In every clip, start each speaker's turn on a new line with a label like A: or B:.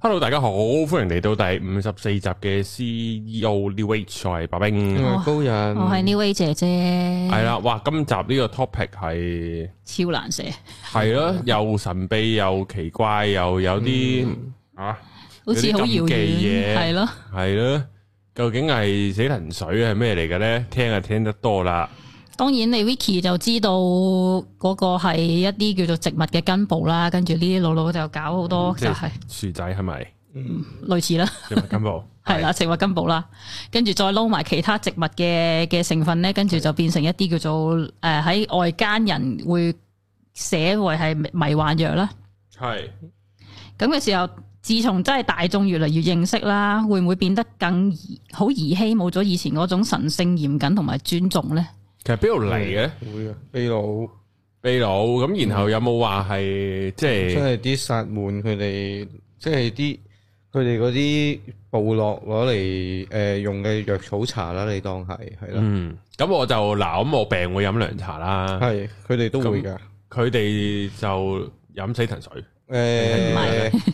A: hello，大家好，歡迎嚟到第五十四集嘅 CEO New Age，w 我係白兵，哦、高人，我係
B: New Age w 姐姐，係啦，
A: 哇，今集呢個 topic 係
B: 超難寫，
A: 係咯吧，又神秘又奇怪，又有啲、嗯、啊，好似好遙遠嘅嘢，係咯，係咯的的，究竟係死藤水係咩嚟嘅咧？聽啊聽得多啦。
B: 當然，你 Vicky 就知道嗰個係一啲叫做植物嘅根部啦。跟住呢啲老老就搞好多就，就係
A: 薯仔係咪、嗯？類似啦，植物根部
B: 係啦， 植物根部啦。跟住再撈埋其他植物嘅嘅成分咧，跟住就變成一啲叫做誒喺、呃、外間人會寫為係迷幻藥啦。係咁嘅時候，自從真係大眾越嚟越認識啦，會唔會變得更好兒戲，冇咗以前嗰種神聖嚴謹同埋尊重咧？
A: 其實邊度嚟嘅？會啊，秘魯，秘魯咁，然後有冇話係即係即係啲薩
C: 滿佢哋，即係啲佢哋嗰啲部落攞嚟
A: 誒用嘅藥草茶啦，你當係係咯。嗯，咁我就嗱，咁我病會飲涼茶啦。係，佢哋都會噶，佢哋就飲死藤水。誒，唔係嘅，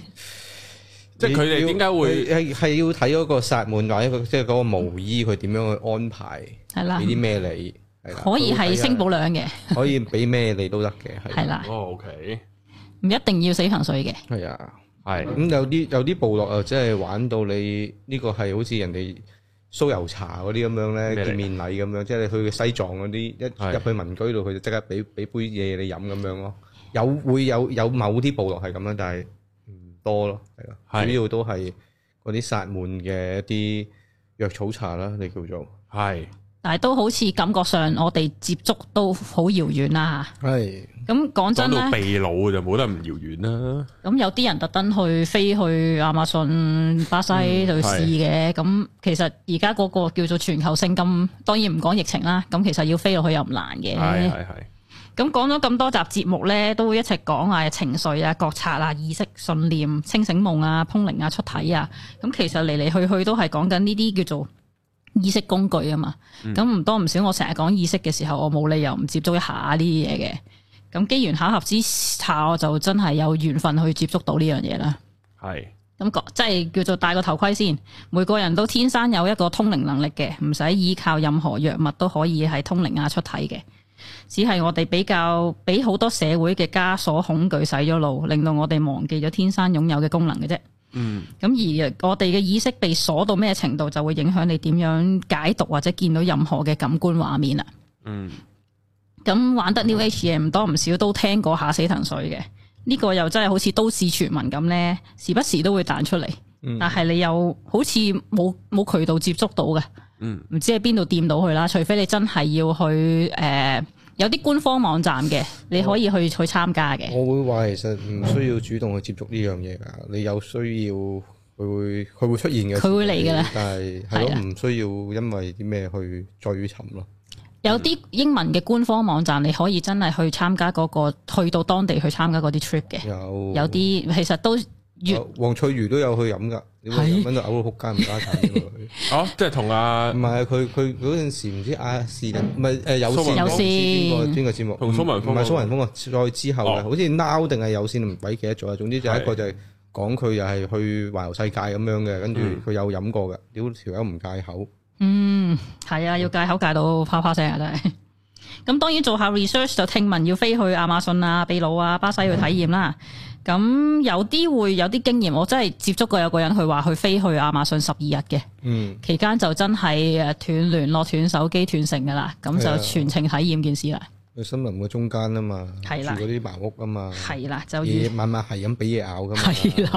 A: 即係佢哋點解會
C: 係係要睇嗰個薩滿或者個即係嗰個毛衣，佢點樣去安排？係啦，俾啲咩你？可以係升保
B: 量嘅，
C: 可以俾咩你都得嘅，係啦。哦，OK，
B: 唔一定要死藤水嘅。
C: 係啊，係。咁有啲有啲部落啊，即係玩到你呢個係好似人哋酥油茶嗰啲咁樣咧，見面禮咁樣，即係你去西藏嗰啲一入去民居度，佢就即刻俾俾杯嘢你飲咁樣咯。有會有有某啲部落係咁樣，但係唔多咯，係咯。主要都係嗰啲薩滿嘅一啲
A: 藥草茶啦，你叫做係。
B: 但係都好似感覺上我哋接觸都好遙遠啦、啊、嚇。係唉。咁講真咧，到秘
A: 魯就冇得唔遙遠啦、
B: 啊。咁、嗯、有啲人特登去飛去亞馬遜巴西去試嘅。咁、嗯、其實而家嗰個叫做全球性金，當然唔講疫情啦。咁其實要飛落去又唔難嘅。係係係。咁講咗咁多集節目咧，都會一齊講下情緒啊覺察啊意識信念清醒夢啊通靈啊出體啊。咁其實嚟嚟去去都係講緊呢啲叫做，意識工具啊嘛，咁唔、嗯、多唔少，我成日講意識嘅時候，我冇理由唔接觸一下呢啲嘢嘅。咁機緣巧合之下，我就真係有緣分去接觸到呢樣嘢啦。係咁是、嗰個、即係叫做戴個頭盔先。每個人都天生有一個通靈能力嘅，唔使依靠任何藥物都可以係通靈啊出體嘅。只係我哋比較俾好多社會嘅枷鎖恐懼洗咗腦，令到我哋忘記咗天生擁有嘅功能嘅啫。嗯，咁而我哋嘅意識被鎖到咩程度，就會影響你點樣解讀或者見到任何嘅感官畫面啊。嗯，咁、嗯、玩得 New Age 嘢，唔多唔少都聽過下死藤水嘅。呢、呢個又真係好似都市傳聞咁咧，時不時都會彈出嚟。嗯、但係你又好似冇冇渠道接觸到嘅。嗯，唔知喺邊度掂到佢啦，除非你真係要去誒。呃有啲官方網站嘅，你可以去、oh, 去參加嘅。我
C: 會話其實唔需要主動去接觸呢樣嘢㗎，你有需要佢會佢會出現嘅，佢會嚟㗎啦。但係係咯，唔需要因為啲咩去再尋咯。
B: 有啲英文嘅官方網站，你可以真係去參加嗰個，去到當地去參加嗰啲 trip 嘅。有有啲其實都。
C: 黃翠如都有去飲噶喺搵到嘔到撲街，唔得晒。哦，即係同阿唔係佢佢嗰陣時唔知阿是咪誒有線有線邊個邊個節目？同蘇文峰唔係蘇文峰啊！再之後好似 now 定係有線，唔鬼記得咗。啊。總之就係一個就係講佢又係去環球世界咁樣嘅，跟住佢有飲過嘅，屌條友唔戒口。
B: 嗯，係啊，要戒口戒到啪啪聲啊，真係。咁當然做下 research 就聽聞要飛去亞馬遜啊、秘魯啊、巴西去體驗啦。咁有啲會有啲經驗，我真係接觸過有個人佢話佢飛去亞馬遜十二日嘅，嗯、期間就真係誒斷聯絡、斷手機斷、斷成噶啦，咁就全程體驗件事啦。
C: 去森林嘅中間啊嘛，住嗰啲茅屋啊嘛，係啦，夜就夜晚晚係咁俾嘢咬
A: 噶，係啦，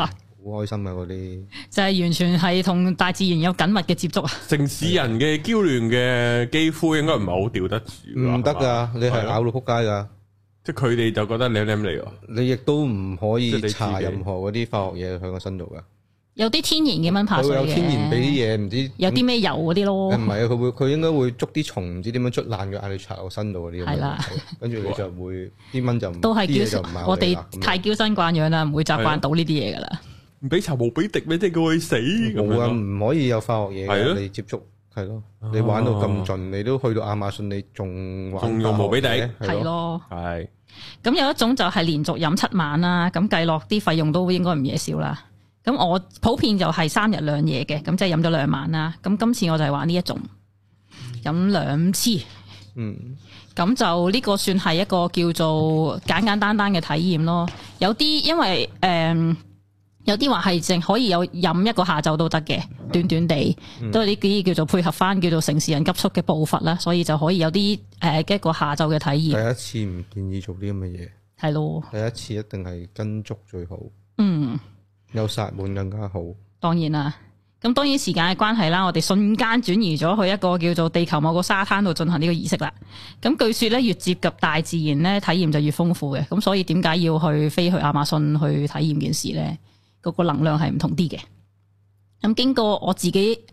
A: 好開心啊嗰啲，
B: 就係完全係同大自然有緊密嘅接觸
A: 啊。城市人嘅嬌嫩嘅肌膚應該唔係好釣得住，唔得噶，你係咬到撲街噶。佢哋就覺得你舐舐嚟喎，你亦都唔可以搽任
C: 何嗰啲化學嘢喺個身度噶。
B: 有啲天然嘅蚊怕水嘅，天然嗰啲
C: 嘢唔知有啲咩油嗰啲咯。唔係啊，佢會佢應該會捉啲蟲，唔知點樣捽爛嘅，嗌你搽我身度嗰啲。係啦，跟住你就會啲蚊就唔都係叫，我哋太
B: 嬌生慣養啦，唔會習慣到呢啲嘢噶啦。
A: 唔俾搽冇俾滴咩？即係佢會死。冇啊，唔
C: 可以有化學嘢嘅，你接觸。係咯，你玩到咁盡，你都去到亞馬遜，你仲仲用冇俾你？係咯，係。
B: 咁有一種就係連續飲七晚啦，咁計落啲費用都應該唔嘢少啦。咁我普遍就係三日兩夜嘅，咁即係飲咗兩晚啦。咁今次我就係玩呢一種，飲兩次。嗯，咁就呢個算係一個叫做簡簡單單嘅體驗咯。有啲因為誒。呃有啲話係淨可以有飲一個下晝都得嘅，短短地都係呢啲叫做配合翻叫做城市人急速嘅步伐啦，所以就可以有啲誒一個下晝嘅體驗。第一
C: 次唔建議做啲咁嘅嘢，係咯，第一次一定係跟足最好。嗯，有殺滿更加好。
B: 當然啦，咁當然時間嘅關係啦，我哋瞬間轉移咗去一個叫做地球某個沙灘度進行呢個儀式啦。咁據說咧，越接近大自然咧，體驗就越豐富嘅。咁所以點解要去飛去亞馬遜去體驗件事咧？嗰個能量係唔同啲嘅，咁經過我自己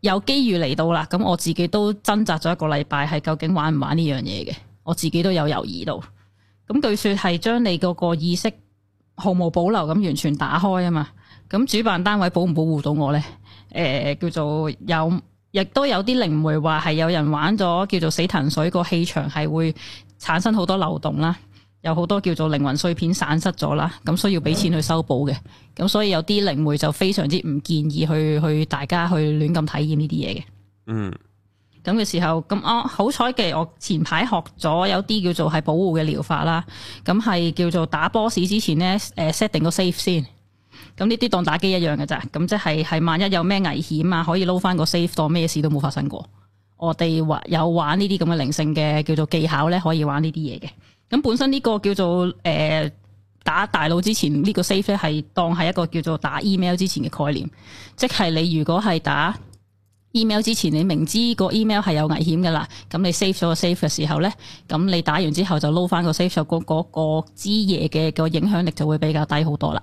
B: 有機遇嚟到啦，咁我自己都掙扎咗一個禮拜，係究竟玩唔玩呢樣嘢嘅？我自己都有猶豫到。咁據説係將你嗰個意識毫無保留咁完全打開啊嘛，咁主辦單位保唔保護到我呢？誒、呃、叫做有，亦都有啲靈媒話係有人玩咗叫做死藤水，個氣場係會產生好多漏洞啦。有好多叫做靈魂碎片散失咗啦，咁需要俾錢去修補嘅。咁所以有啲靈媒就非常之唔建議去去大家去亂咁體驗呢啲嘢嘅。嗯，咁嘅時候咁我、哦、好彩嘅，我前排學咗有啲叫做係保護嘅療法啦。咁係叫做打 boss 之前咧，誒、呃、set 定個 safe 先。咁呢啲當打機一樣嘅咋？咁即係係萬一有咩危險啊，可以撈翻個 safe 當咩事都冇發生過。我哋玩有玩呢啲咁嘅靈性嘅叫做技巧咧，可以玩呢啲嘢嘅。咁本身呢個叫做誒、呃、打大佬之前呢、呢個 save 係當係一個叫做打 email 之前嘅概念，即係你如果係打 email 之前，你明知個 email 係有危險嘅啦，咁你 save 咗個 save 嘅時候咧，咁你打完之後就撈翻 sa、嗰個 save 就嗰個支嘢嘅個影響力就會比較低好多啦。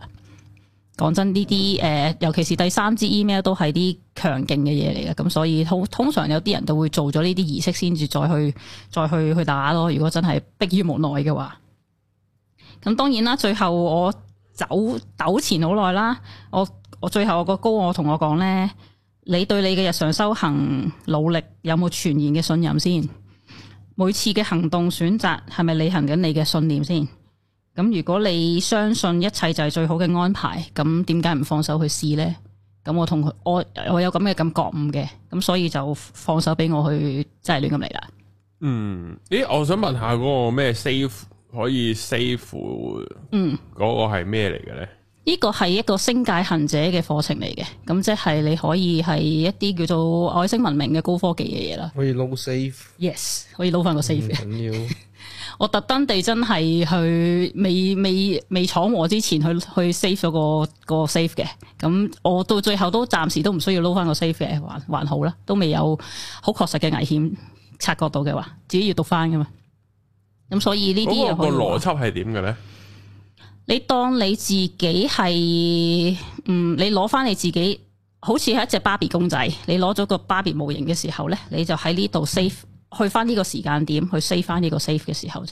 B: 講真，呢啲誒，尤其是第三支 email 都係啲強勁嘅嘢嚟嘅，咁所以通通常有啲人就會做咗呢啲儀式先至再去再去去打咯。如果真係迫於無奈嘅話，咁當然啦，最後我走糾纏好耐啦，我我最後個我個高我同我講呢：「你對你嘅日常修行努力有冇全然嘅信任先？每次嘅行動選擇係咪履行緊你嘅信念先？」咁如果你相信一切就係最好嘅安排，咁點解唔放手去試呢？咁我同佢我有咁嘅感覺悟嘅，咁所以就放手俾我去制亂咁嚟啦。嗯，
A: 咦，我想問下嗰、嗰個咩 save 可以 save 嗯，嗰個係咩嚟嘅呢？呢
B: 個係一個星界行者嘅課程嚟嘅，咁即係你可以係一啲叫做外星文明嘅高科技嘅嘢啦。
C: 可以撈 save
B: y e s yes, 可以撈翻個 save 嘅。我特登地真係去未未未闖禍之前去去 save 咗個個 save 嘅，咁我到最後都暫時都唔需要撈翻個 save 嘅，還還好啦，都未有好確實嘅危險察覺到嘅話，自己要讀翻噶嘛。咁所以、那個那個、邏輯呢啲嘅邏
A: 輯係點嘅咧？
B: 你當你自己係嗯，你攞翻你自己好似係一隻芭比公仔，你攞咗個芭比模型嘅時候咧，你就喺呢度 save。去翻呢個時間點去 save 翻呢個 save 嘅時候，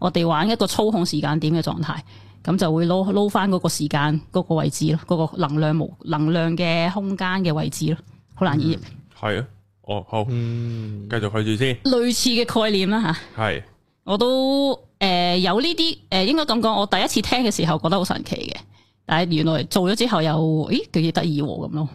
B: 我哋玩一個操控時間點嘅狀態，咁就會撈撈翻嗰個時間嗰個位置咯，嗰個能量無能量嘅空間嘅位置咯，好難以係啊。
A: 哦，好，嗯，繼續去住先。類似嘅概念啦，吓，係，
B: 我都誒有呢啲誒，應該咁講，我第一次聽嘅時候覺得好神奇嘅，但係原來做咗之後又咦幾得意喎咁咯。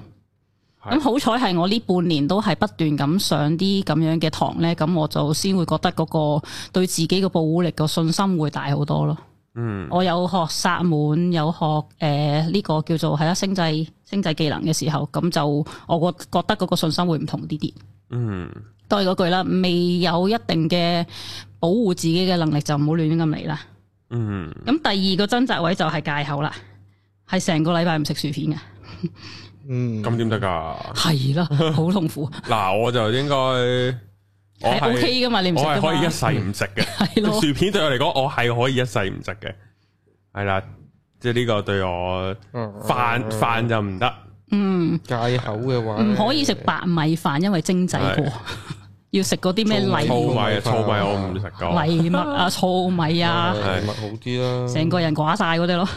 B: 咁、嗯、好彩係我呢半年都係不斷咁上啲咁樣嘅堂呢。咁我就先會覺得嗰個對自己嘅保護力信、嗯呃這個、個信心會大好多咯。嗯，我有學薩滿，有學誒呢個叫做係啦星際星際技能嘅時候，咁就我個覺得嗰個信心會唔同啲啲。嗯，都係嗰句啦，未有一定嘅保護自己嘅能力就唔好亂咁嚟啦。嗯，咁第二個掙扎位就係戒口啦，係成個禮拜唔食薯片嘅。
A: 嗯，咁點得噶？係啦，好痛苦。嗱，我就應該
B: 我係 OK 噶嘛，你唔食可以一世唔
A: 食嘅，係薯片對我嚟講，我係可以一世唔食嘅。係啦，即係呢個對我飯飯就唔得。
B: 嗯，
A: 戒口嘅話，唔可
B: 以食白米飯，因為精製過，要食嗰啲咩藜麥、糙米，我
A: 唔食噶。藜麥
B: 啊，糙米啊，藜麥好
A: 啲啦，成個人
B: 寡晒嗰啲咯。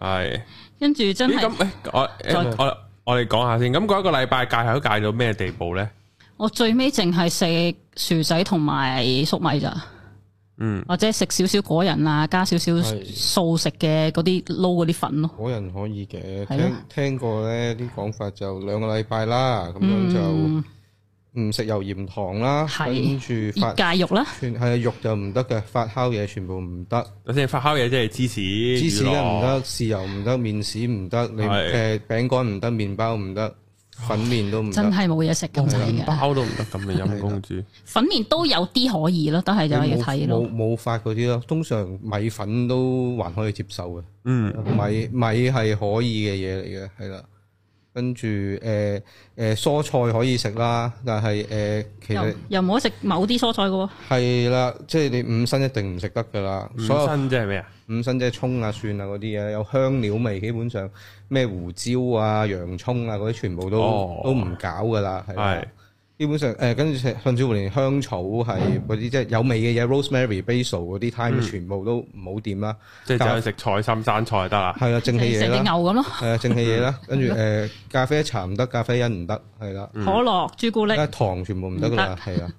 B: 係，跟住真係
A: 我哋講下先，咁嗰一個禮拜戒口戒到咩地步咧？
B: 我最尾淨係食薯仔同埋粟米咋，嗯，或者食少少果仁啊，加少少素食嘅嗰啲撈嗰啲粉咯。
C: 果仁可以嘅的，聽聽過咧啲講法就兩個禮拜啦，咁樣就。嗯唔食油鹽糖啦，跟住發酵肉啦，係啊，肉就唔得嘅，發酵嘢，全部唔得。首先發酵嘢即係芝士、芝士唔得，豉油唔得，麵豉唔得，你誒餅乾唔得，麵包唔得，粉麵都唔得。真係
B: 冇嘢食咁樣嘅，
C: 包都唔得咁嘅飲食宗旨。
B: 粉麵都有啲可以咯，但係就要睇咯。冇
C: 冇發嗰啲咯，通常米粉都還可以接受嘅。嗯，米米係可以嘅嘢嚟嘅，係啦。跟住誒誒蔬菜可以食啦，但係誒、呃、其實
B: 又冇得食某啲蔬菜嘅
C: 喎、哦。係啦，即係你五辛一定唔食得嘅啦。五辛即係咩啊？五辛即係蔥啊、蒜啊嗰啲嘢，有香料味，基本上咩胡椒啊、洋葱啊嗰啲全部都、哦、都唔搞嘅啦，係。基本上誒、呃、跟住甚至乎連香草係嗰啲即係有味嘅嘢，rosemary、basil 嗰啲 time 全
A: 部都唔好掂啦。即係就去食菜心、生菜得啦。係啦，正氣嘢食啲牛
B: 咁咯。係啊，正氣嘢啦。跟住誒、呃，
C: 咖啡茶唔得，咖啡因唔得，係啦、啊。嗯、可樂、朱古
A: 力、加糖全部唔得㗎啦，係行啊。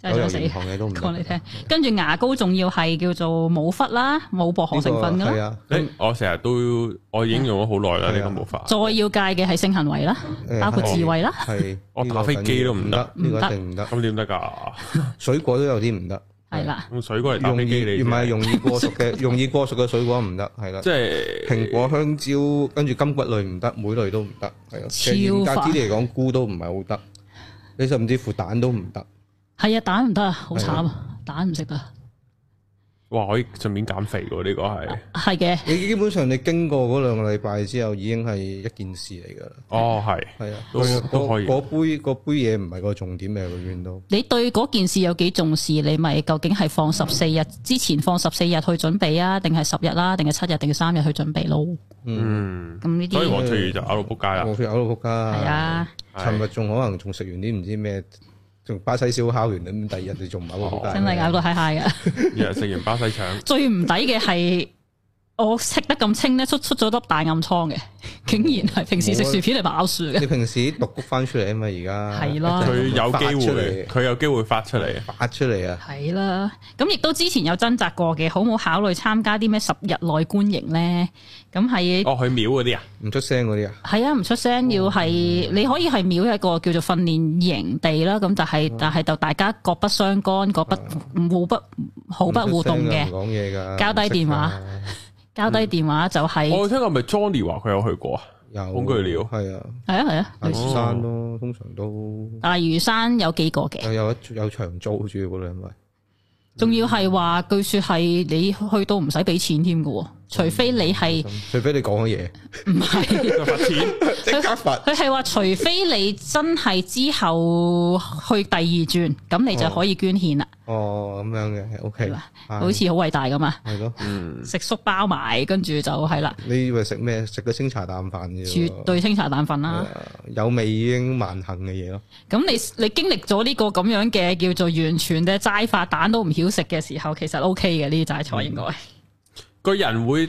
A: 即係銀嘅都唔
B: 講嚟聽，跟住牙膏仲要係叫做冇氟啦，冇薄荷成分噶
A: 啦。誒，我成日都我已經用咗好耐啦呢個冇氟。
B: 再要戒嘅係性行為啦，包括自慰啦。
A: 係我打飛機都唔得，唔得，唔得。咁點得噶？水果都有啲唔得，係啦。用水果嚟
C: 打飛機嚟？唔係容易過熟嘅，容易過熟嘅水果唔得，係啦。即係蘋果、香蕉，跟住金骨類唔得，莓類都唔得。係啊，超煩。嚴格啲嚟講，菇都唔係好得。你甚至乎蛋都唔得。
B: 係啊，蛋唔得啊，好慘，蛋唔食啊。
A: 哇，可以順便減肥喎，呢個係。
C: 係嘅。你基本上你經過嗰兩個禮拜之後，已經係一件事嚟噶
A: 啦。哦，係，係啊，都可
C: 以。嗰杯杯嘢唔係個重點嚟永遠都。
B: 你對嗰件事有幾重視？你咪究竟係放十四日之前，放十四日去準備啊？定係十日啦？定係七日？定係三日去準備咯？嗯，
C: 咁呢啲。所以我昨夜就嘔到撲街啦。我夜嘔到撲街。係啊。尋日仲可能仲食完啲唔知咩。從巴西燒烤完咁，第二日你仲唔係好好。真係咬
B: 到嗨嗨㗎！
C: 日日食完巴西腸，
B: 最唔抵嘅係。我食得咁清呢，出出咗粒大暗瘡嘅，竟然係平時食薯片嚟爆薯嘅。你
C: 平時獨谷翻出嚟啊嘛，而家係
B: 啦，佢
A: 有機會，佢有機會發出嚟，發出嚟啊！係
B: 啦，咁亦都之前有掙扎過嘅，好冇考慮參加啲咩十日內觀營咧？咁係哦，
A: 去
C: 廟嗰啲啊，唔出聲嗰啲
B: 啊，係啊，唔出聲要係你可以係廟一個叫做訓練營地啦，咁但係但係就大家各不相干、各不互不、毫不互動嘅，唔講嘢噶，交低電話。交低電話就係、嗯、我
A: 聽過，咪 Johnny 話佢有去過有啊，有。好巨料，係啊，係啊，啊。梅山咯，通常都
C: 大嶼山有幾個嘅，有有有長租嘅主要嗰兩位，
B: 仲要係話據説係你去到唔使俾錢添嘅。除非你係不是，
C: 除非你講嘅嘢唔係罰錢，即刻罰
B: 佢係話，除非你真係之後去第二轉，咁 你就可以捐獻啦。
C: 哦，咁樣嘅，OK，吧是好似好偉大咁啊！係咯的，
B: 食宿包埋，跟住就係啦。
C: 你以為食咩？食個清茶淡飯嘅？絕
B: 對清茶淡飯啦，
C: 有味已經萬幸嘅嘢咯。
B: 咁你你經歷咗呢個咁樣嘅叫做完全嘅齋化蛋都唔曉食嘅時候，其實 OK 嘅呢啲齋菜應該。嗯
A: 個人會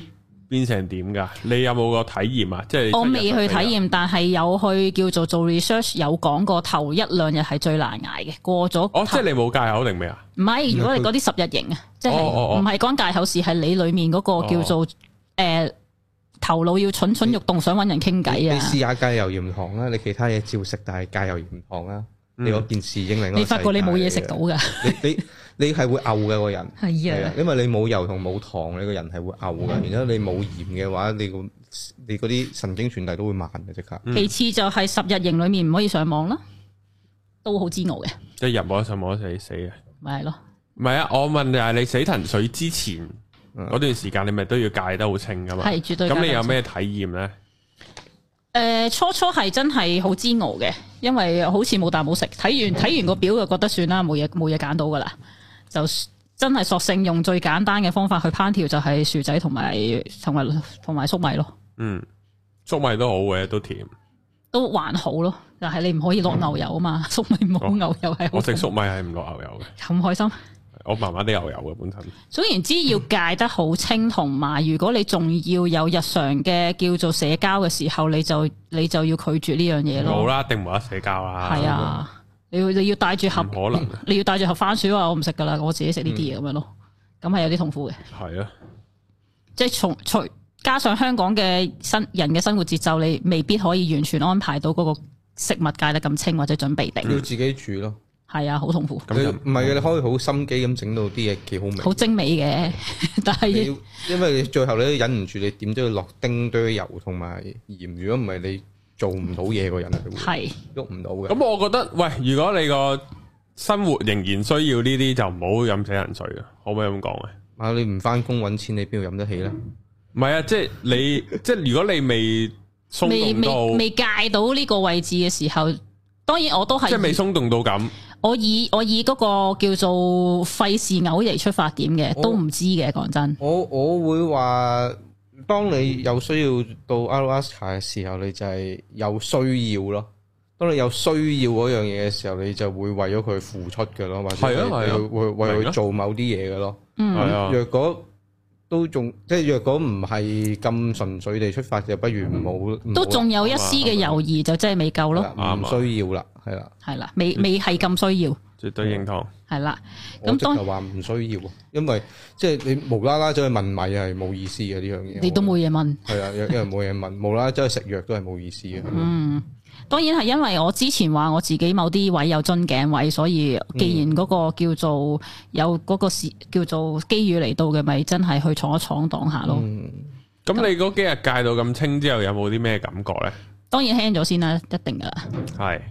A: 變成點噶你有冇個體驗啊？即係我未去體驗，
B: 但係有去叫做做 research 有講過頭一兩日係最難捱嘅，過咗。哦、即
A: 係你冇戒口定未啊？唔係，如果你嗰啲十
B: 日型啊，哦哦哦即係唔係講戒口事，係你裏面嗰個叫做誒、哦哦欸、頭腦要蠢蠢欲動，想搵人傾偈啊！你試
C: 下戒油鹽糖啦，你其他嘢照食，但係戒油鹽糖啦。你嗰件事引領個世界。你發覺你冇嘢食到噶， 你你你係會嘔嘅，個人。係啊 的，因為你冇油同冇糖，你個人係會嘔噶。 然之後你冇鹽嘅話，你個你
A: 嗰啲神經傳遞都會慢嘅即刻。嗯、其
B: 次就係十日營裏面唔可以上網啦，都好煎熬嘅。
A: 即係入網一上網一死死嘅。咪係咯，咪啊！我問你係你死藤水之前嗰、嗯、段時間，你咪都要戒得好清噶嘛？係絕對。咁你有咩體驗咧？
B: 誒、呃，初初係真係好煎熬嘅，因為好似冇啖好食，睇完睇完個表就覺得算啦，冇嘢冇嘢揀到噶啦，就真係索性用最簡單嘅方法去烹調，就係薯仔同埋同埋同埋粟米咯。嗯，
A: 粟米都好嘅，都甜，
B: 都還好咯，但係你唔可以落牛油啊嘛，嗯、粟米冇牛油係。我食粟
A: 米係唔落牛油嘅，咁開心。我慢慢啲又有嘅本身。
B: 總言之，要戒得好清，同埋如果你仲要有日常嘅叫做社交嘅時候，你就你就要拒絕呢樣嘢咯。冇啦，
A: 定冇得社交啊？係啊、那個，
B: 你要你要帶住盒，可能你要帶住盒番薯話，我唔食噶啦，我自己食呢啲嘢咁樣咯。咁係、嗯、有啲痛苦嘅。係啊，即係從除加上香港嘅新人嘅生活節奏，你未必可以完全安排到嗰個食物戒得咁清，或者準備定要
C: 自己煮咯。
B: 係啊，好痛苦。唔係嘅，你可
C: 以心機好心機咁整到啲嘢幾好味，好精
B: 美嘅。但係
C: 因為你最後你都忍唔住，你點都要落丁堆油同
A: 埋鹽。如果唔係，你做唔到嘢個人
B: 係，
C: 喐唔到嘅。
A: 咁是我覺得，喂，如果你個生活仍然需要呢啲，就唔好飲死人水啦。可唔可以咁講啊？啊，你唔返工揾錢，你邊度飲得起咧？唔係、嗯、啊，即係你 即係如果你未未未未
B: 戒到呢個位置嘅時候，當然我都係即係未
A: 鬆動到咁。
B: 我以我以嗰個叫做費事偶然出發點嘅，我都唔知嘅，講真
C: 我。我我會話，當你有需要到阿拉斯加嘅時候，你就係有需要咯。當你有需要嗰樣嘢嘅時候，你就會為咗佢付出嘅咯，或者你、啊啊、你為為佢做某啲嘢嘅咯。嗯、啊，若果。都仲即係若果唔係咁純粹地出發，就不如冇。都仲有一絲
B: 嘅猶豫，就真係未夠咯。唔需
C: 要啦，係啦，
B: 係啦，未未係咁需要。
C: 絕對認同。係啦，咁當即係話唔需要，因為即係你無啦啦走去問米係冇意思嘅呢樣嘢。你都
B: 冇嘢問。
C: 係啊，因因為冇嘢問，無啦啦走去食藥都係冇意思嘅。嗯。
B: 當然係因為我之前話我自己某啲位有樽頸位，所以既然嗰個叫做有嗰個叫做機遇嚟到嘅，咪真係去闖一闖擋下咯。
A: 咁、嗯、你嗰幾日戒到咁清之後，有冇啲咩感覺呢？
B: 當然輕咗先啦，一定噶啦。係。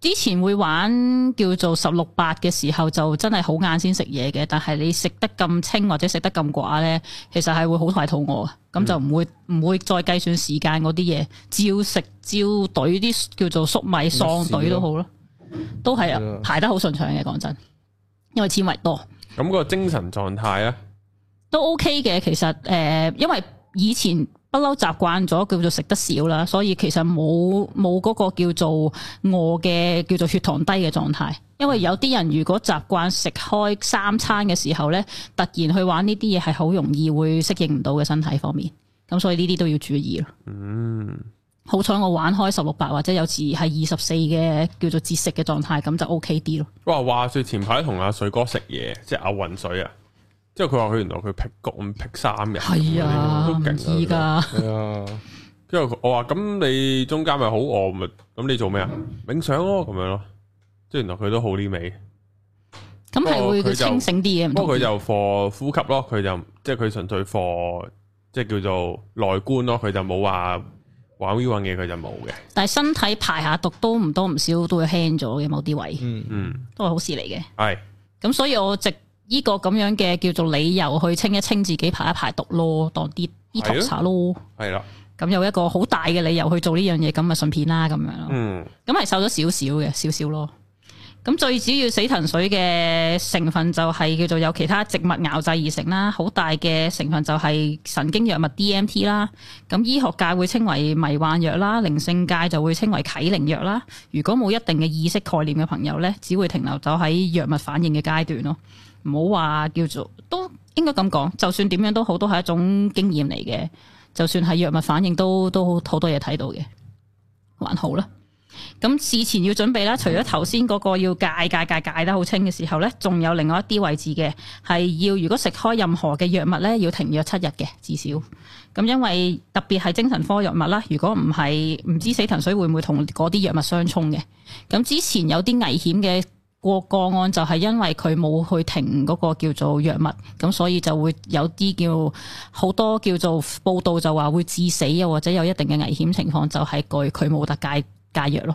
B: 之前會玩叫做十六八嘅時候，就真係好晏先食嘢嘅。但係你食得咁清或者食得咁寡咧，其實係會好快肚餓。咁就唔會唔會再計算時間嗰啲嘢，照食照懟啲叫做粟米喪懟都好咯，都係啊，排得好順暢嘅。講真，因為纖維多。
A: 咁個精神狀態咧，
B: 都 OK 嘅。其實誒、呃，因為以前。不嬲習慣咗叫做食得少啦，所以其實冇冇嗰個叫做餓嘅叫做血糖低嘅狀態。因為有啲人如果習慣食開三餐嘅時候呢，突然去玩呢啲嘢係好容易會適應唔到嘅身體方面。咁所以呢啲都要注意咯。嗯，好彩我玩開十六八或者有時係二十四嘅叫做節食嘅狀態，咁就 OK 啲
A: 咯。哇！話説前排同阿水哥食嘢，即係牛混水啊！即係佢話佢原來佢辟谷咁辟三日，係啊，都勁噶。係啊，之後我話，咁你中間咪好餓咪，咁你做咩啊？冥想咯、啊，咁樣咯。即係原來佢都好啲味，咁係我會都清醒
B: 啲嘅。不過佢就
A: 課呼吸咯，佢就即係佢純粹課，即係叫做內觀咯。佢就冇話玩 V 玩嘢，佢就冇嘅。
B: 但係身體排下毒都唔多唔少都會輕咗嘅某啲位、嗯，嗯嗯，都係好事嚟嘅。係的，咁所以我直。呢個咁樣嘅叫做理由去清一清自己排一排毒咯，當啲醫頭茶咯，係啦。咁有一個好大嘅理由去做呢樣嘢，咁咪順便啦咁樣咯。咁係、嗯、瘦咗少少嘅，少少咯。咁最主要死藤水嘅成分就係叫做有其他植物熬製而成啦，好大嘅成分就係神經藥物 DMT 啦。咁醫學界會稱為迷幻藥啦，靈性界就會稱為啟靈藥啦。如果冇一定嘅意識概念嘅朋友咧，只會停留就喺藥物反應嘅階段咯。唔好話叫做，都應該咁講，就算點樣都好，都係一種經驗嚟嘅。就算係藥物反應，都都好多嘢睇到嘅，還好啦。咁事前要準備啦，除咗頭先嗰個要戒戒戒戒得好清嘅時候呢，仲有另外一啲位置嘅係要，如果食開任何嘅藥物呢，要停藥七日嘅至少。咁因為特別係精神科藥物啦，如果唔係，唔知死藤水會唔會同嗰啲藥物相沖嘅。咁之前有啲危險嘅。個個案就係因為佢冇去停嗰個叫做藥物，咁所以就會有啲叫好多叫做報道就話會致死又或者有一定嘅危險情況，就係佢佢冇得戒戒藥咯。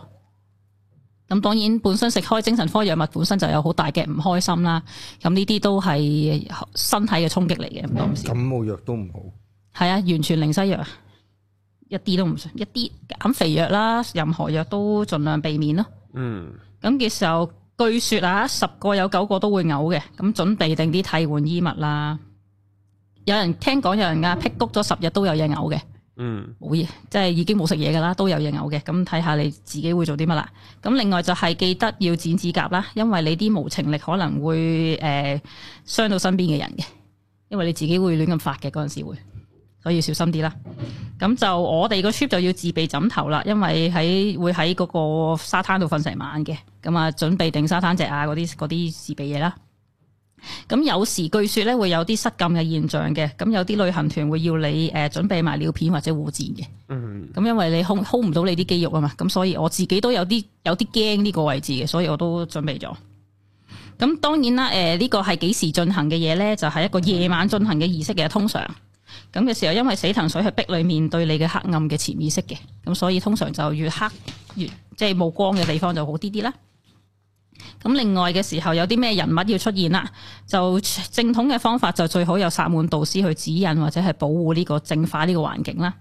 B: 咁當然本身食開精神科藥物本身就有好大嘅唔開心啦。咁呢啲都係身體嘅衝擊嚟嘅。咁當時感
C: 冒藥都唔好
B: 係啊，完全零西藥一啲都唔想一啲減肥藥啦，任何藥都盡量避免咯。嗯，咁嘅時候。據說啊，十個有九個都會嘔嘅，咁準備定啲替換衣物啦。有人聽講，有人啊，辟穀咗十日都有嘢嘔嘅，嗯，冇嘢，即係已經冇食嘢㗎啦，都有嘢嘔嘅，咁睇下你自己會做啲乜啦。咁另外就係記得要剪指甲啦，因為你啲無情力可能會誒傷、呃、到身邊嘅人嘅，因為你自己會亂咁發嘅嗰陣時會。所以要小心啲啦，咁就我哋個 trip 就要自備枕頭啦，因為喺會喺嗰個沙灘度瞓成晚嘅，咁啊準備定沙灘席啊嗰啲嗰啲自備嘢啦。咁有時據說咧會有啲失禁嘅現象嘅，咁有啲旅行團會要你誒、呃、準備埋尿片或者護墊嘅。嗯、mm，咁、hmm. 因為你 hold 唔到你啲肌肉啊嘛，咁所以我自己都有啲有啲驚呢個位置嘅，所以我都準備咗。咁當然啦，誒、呃這個、呢個係幾時進行嘅嘢咧？就係、是、一個夜晚進行嘅儀式嘅，通常。咁嘅時候，因為死藤水係逼你面對你嘅黑暗嘅潛意識嘅，咁所以通常就越黑越即係冇光嘅地方就好啲啲啦。咁另外嘅時候有啲咩人物要出現啦，就正統嘅方法就最好有薩滿導師去指引或者係保護呢個淨化呢個環境啦。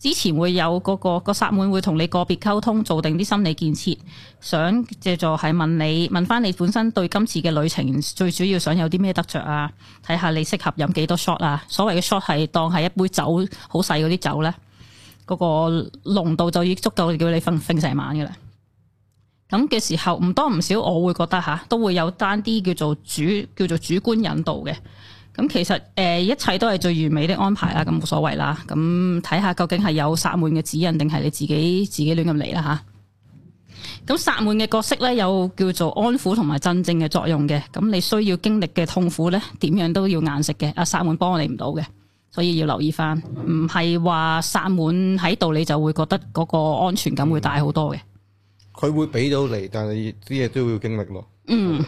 B: 之前會有嗰個個薩滿會同你個別溝通，做定啲心理建設，想借助係問你，問翻你本身對今次嘅旅程最主要想有啲咩得着啊？睇下你適合飲幾多 shot 啊？所謂嘅 shot 係當係一杯酒，好細嗰啲酒呢，嗰個濃度就已足夠叫你瞓瞓成晚嘅啦。咁嘅時候唔多唔少，我會覺得吓都會有單啲叫做主叫做主觀引導嘅。咁其實誒，一切都係最完美的安排啦，咁冇所謂啦。咁睇下究竟係有撒滿嘅指引，定係你自己自己亂咁嚟啦吓？咁撒滿嘅角色咧，有叫做安撫同埋真正嘅作用嘅。咁你需要經歷嘅痛苦咧，點樣都要硬食嘅。阿撒滿幫你唔到嘅，所以要留意翻。唔係話撒滿喺度，你就會覺得嗰個安全感會大好多嘅。
C: 佢、嗯、會俾到你，但係啲嘢都要經歷咯。嗯。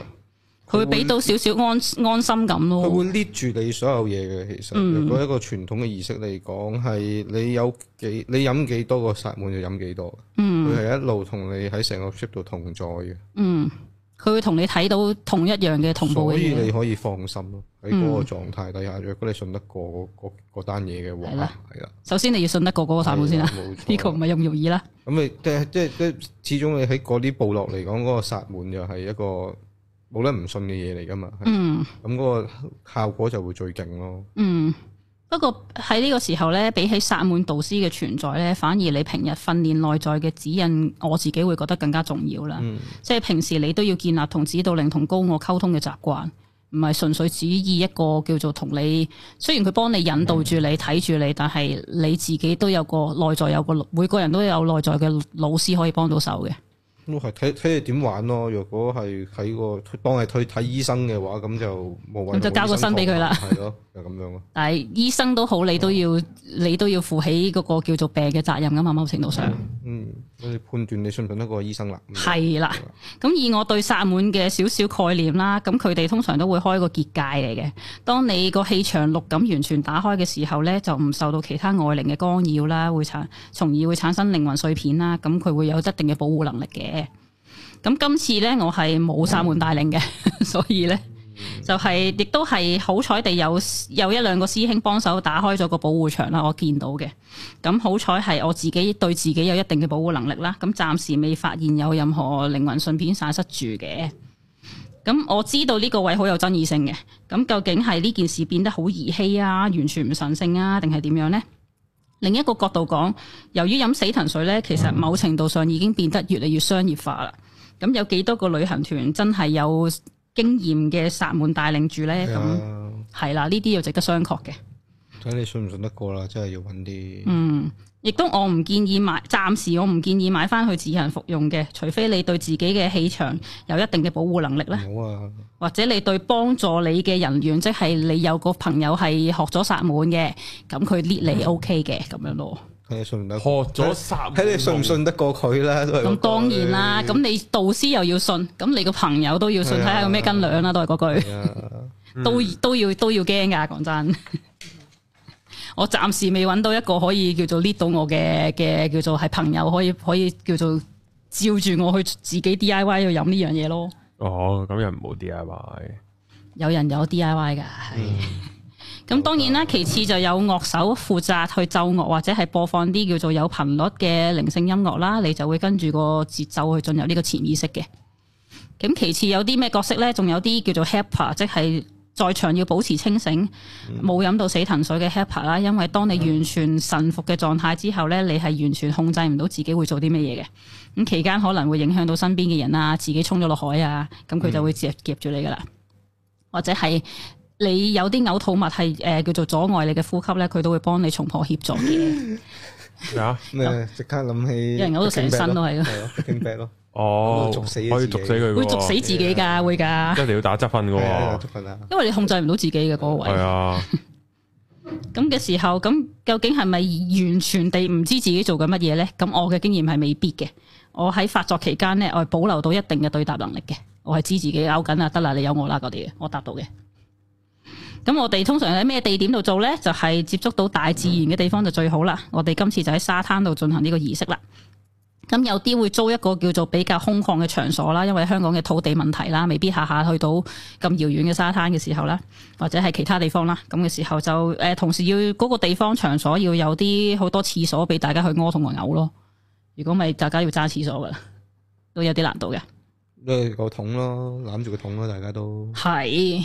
C: 佢會俾到少少安安心感咯。佢會捏住你所有嘢嘅，其實。嗯、如果一個傳統嘅儀式嚟講，係你有幾你飲幾多個薩滿就飲幾多。嗯。佢係一路同你喺成個 trip 度同在嘅。嗯。
B: 佢會同你睇到同一樣嘅同步嘅嘢。所以你
C: 可以放心咯。喺嗰個狀態底下，如、嗯、果你信得過嗰單嘢嘅話，係啦。
B: 首先你要信得過嗰個薩滿先啦。呢 個唔係用肉耳啦。
C: 咁你即係即係即係，始終你喺嗰啲部落嚟講，嗰、嗰個薩滿就係一個。冇得唔信嘅嘢嚟噶嘛？嗯，咁嗰個效果就會最勁咯。嗯，
B: 不過喺呢個時候咧，比起薩滿導師嘅存在咧，反而你平日訓練內在嘅指引，我自己會覺得更加重要啦。嗯、即係平時你都要建立同指導靈同高我溝通嘅習慣，唔係純粹旨意一個叫做同你。雖然佢幫你引導住你睇住、嗯、你，但係你自己都有個內在有個每個人都有內在嘅老師可以幫到手嘅。
C: 都係睇睇你點玩咯。若果係喺個當係去睇醫生嘅話，咁就冇謂，就交個身俾佢啦。係咯，就咁樣咯。
B: 但係醫生都好，你都要你都要負起嗰個叫做病嘅責任噶
C: 嘛，某程度上。嗯。嗯咁你判斷你信唔信得個醫生啦？係
B: 啦，咁以我對薩滿嘅少少概念啦，咁佢哋通常都會開個結界嚟嘅。當你個氣場六感完全打開嘅時候呢，就唔受到其他外靈嘅干擾啦，會產從而會產生靈魂碎片啦。咁佢會有一定嘅保護能力嘅。咁今次呢，我係冇薩滿帶領嘅，嗯、 所以呢。就係、是，亦都係好彩地有有一兩個師兄幫手打開咗個保護牆啦，我見到嘅。咁好彩係我自己對自己有一定嘅保護能力啦。咁暫時未發現有任何靈魂碎片散失住嘅。咁我知道呢個位好有爭議性嘅。咁究竟係呢件事變得好兒戲啊，完全唔神聖啊，定係點樣呢？另一個角度講，由於飲死藤水呢，其實某程度上已經變得越嚟越商業化啦。咁有幾多個旅行團真係有？經驗嘅薩滿帶領住呢，咁係啦，呢啲要值得商榷嘅。
C: 睇你信唔信得過啦，真係要搵啲。
B: 嗯，亦都我唔建議買，暫時我唔建議買翻去自行服用嘅，除非你對自己嘅氣場有一定嘅保護能力呢。好啊，或者你對幫助你嘅人員，即係你有個朋友係學咗薩滿嘅，咁佢 lift 你 OK 嘅咁、嗯、樣咯。
C: 你信唔得，學咗十，睇你信唔信得過佢啦。咁當然啦，咁你
B: 導師又要信，咁你個朋友都要信，睇下咩斤兩啦。都係嗰句，的 都、嗯、都要都要驚噶。講真， 我暫時未揾到一個可以叫做 lead 到我嘅嘅叫做係朋友，可以可以叫做照住我去自己 DIY 去飲呢樣嘢咯。
A: 哦，咁又唔好 DIY，
B: 有人有 DIY 噶。咁當然啦，其次就有樂手負責去奏樂或者係播放啲叫做有頻率嘅靈性音樂啦，你就會跟住個節奏去進入呢個潛意識嘅。咁其次有啲咩角色呢？仲有啲叫做 helper，即係在場要保持清醒，冇飲到死藤水嘅 helper 啦。因為當你完全臣服嘅狀態之後呢，你係完全控制唔到自己會做啲咩嘢嘅。咁期間可能會影響到身邊嘅人啊，自己衝咗落海啊，咁佢就會接夾住你噶啦，或者係。你有啲嘔吐物係誒叫做阻礙你嘅呼吸咧，佢都會幫你重破協助嘅。咩
A: 咩麼？
C: 即刻諗起有人嘔到成身都係咯，
A: 咯。哦，可以逐死佢，會逐死自己
B: 噶，會噶，一定
A: 要打側瞓噶。側瞓啊！
B: 因為你控制唔到自己嘅嗰個位。係
A: 啊、哎呀。
B: 咁嘅 時候，咁究竟係咪完全地唔知自己做緊乜嘢咧？咁我嘅經驗係未必嘅。我喺發作期間咧，我係保留到一定嘅對答能力嘅。我係知自己嘔緊啊，得啦，你有我啦，嗰啲嘅，我答到嘅。咁我哋通常喺咩地點度做呢？就係、是、接觸到大自然嘅地方就最好啦。我哋今次就喺沙灘度進行呢個儀式啦。咁有啲會租一個叫做比較空曠嘅場所啦，因為香港嘅土地問題啦，未必下下去到咁遙遠嘅沙灘嘅時候啦，或者係其他地方啦。咁嘅時候就誒、呃，同時要嗰、那個地方場所要有啲好多廁所俾大家去屙同埋嘔咯。如果咪大家要揸廁所噶，都有啲難度嘅。
C: 誒，個桶咯，攬住個桶咯，大家都係。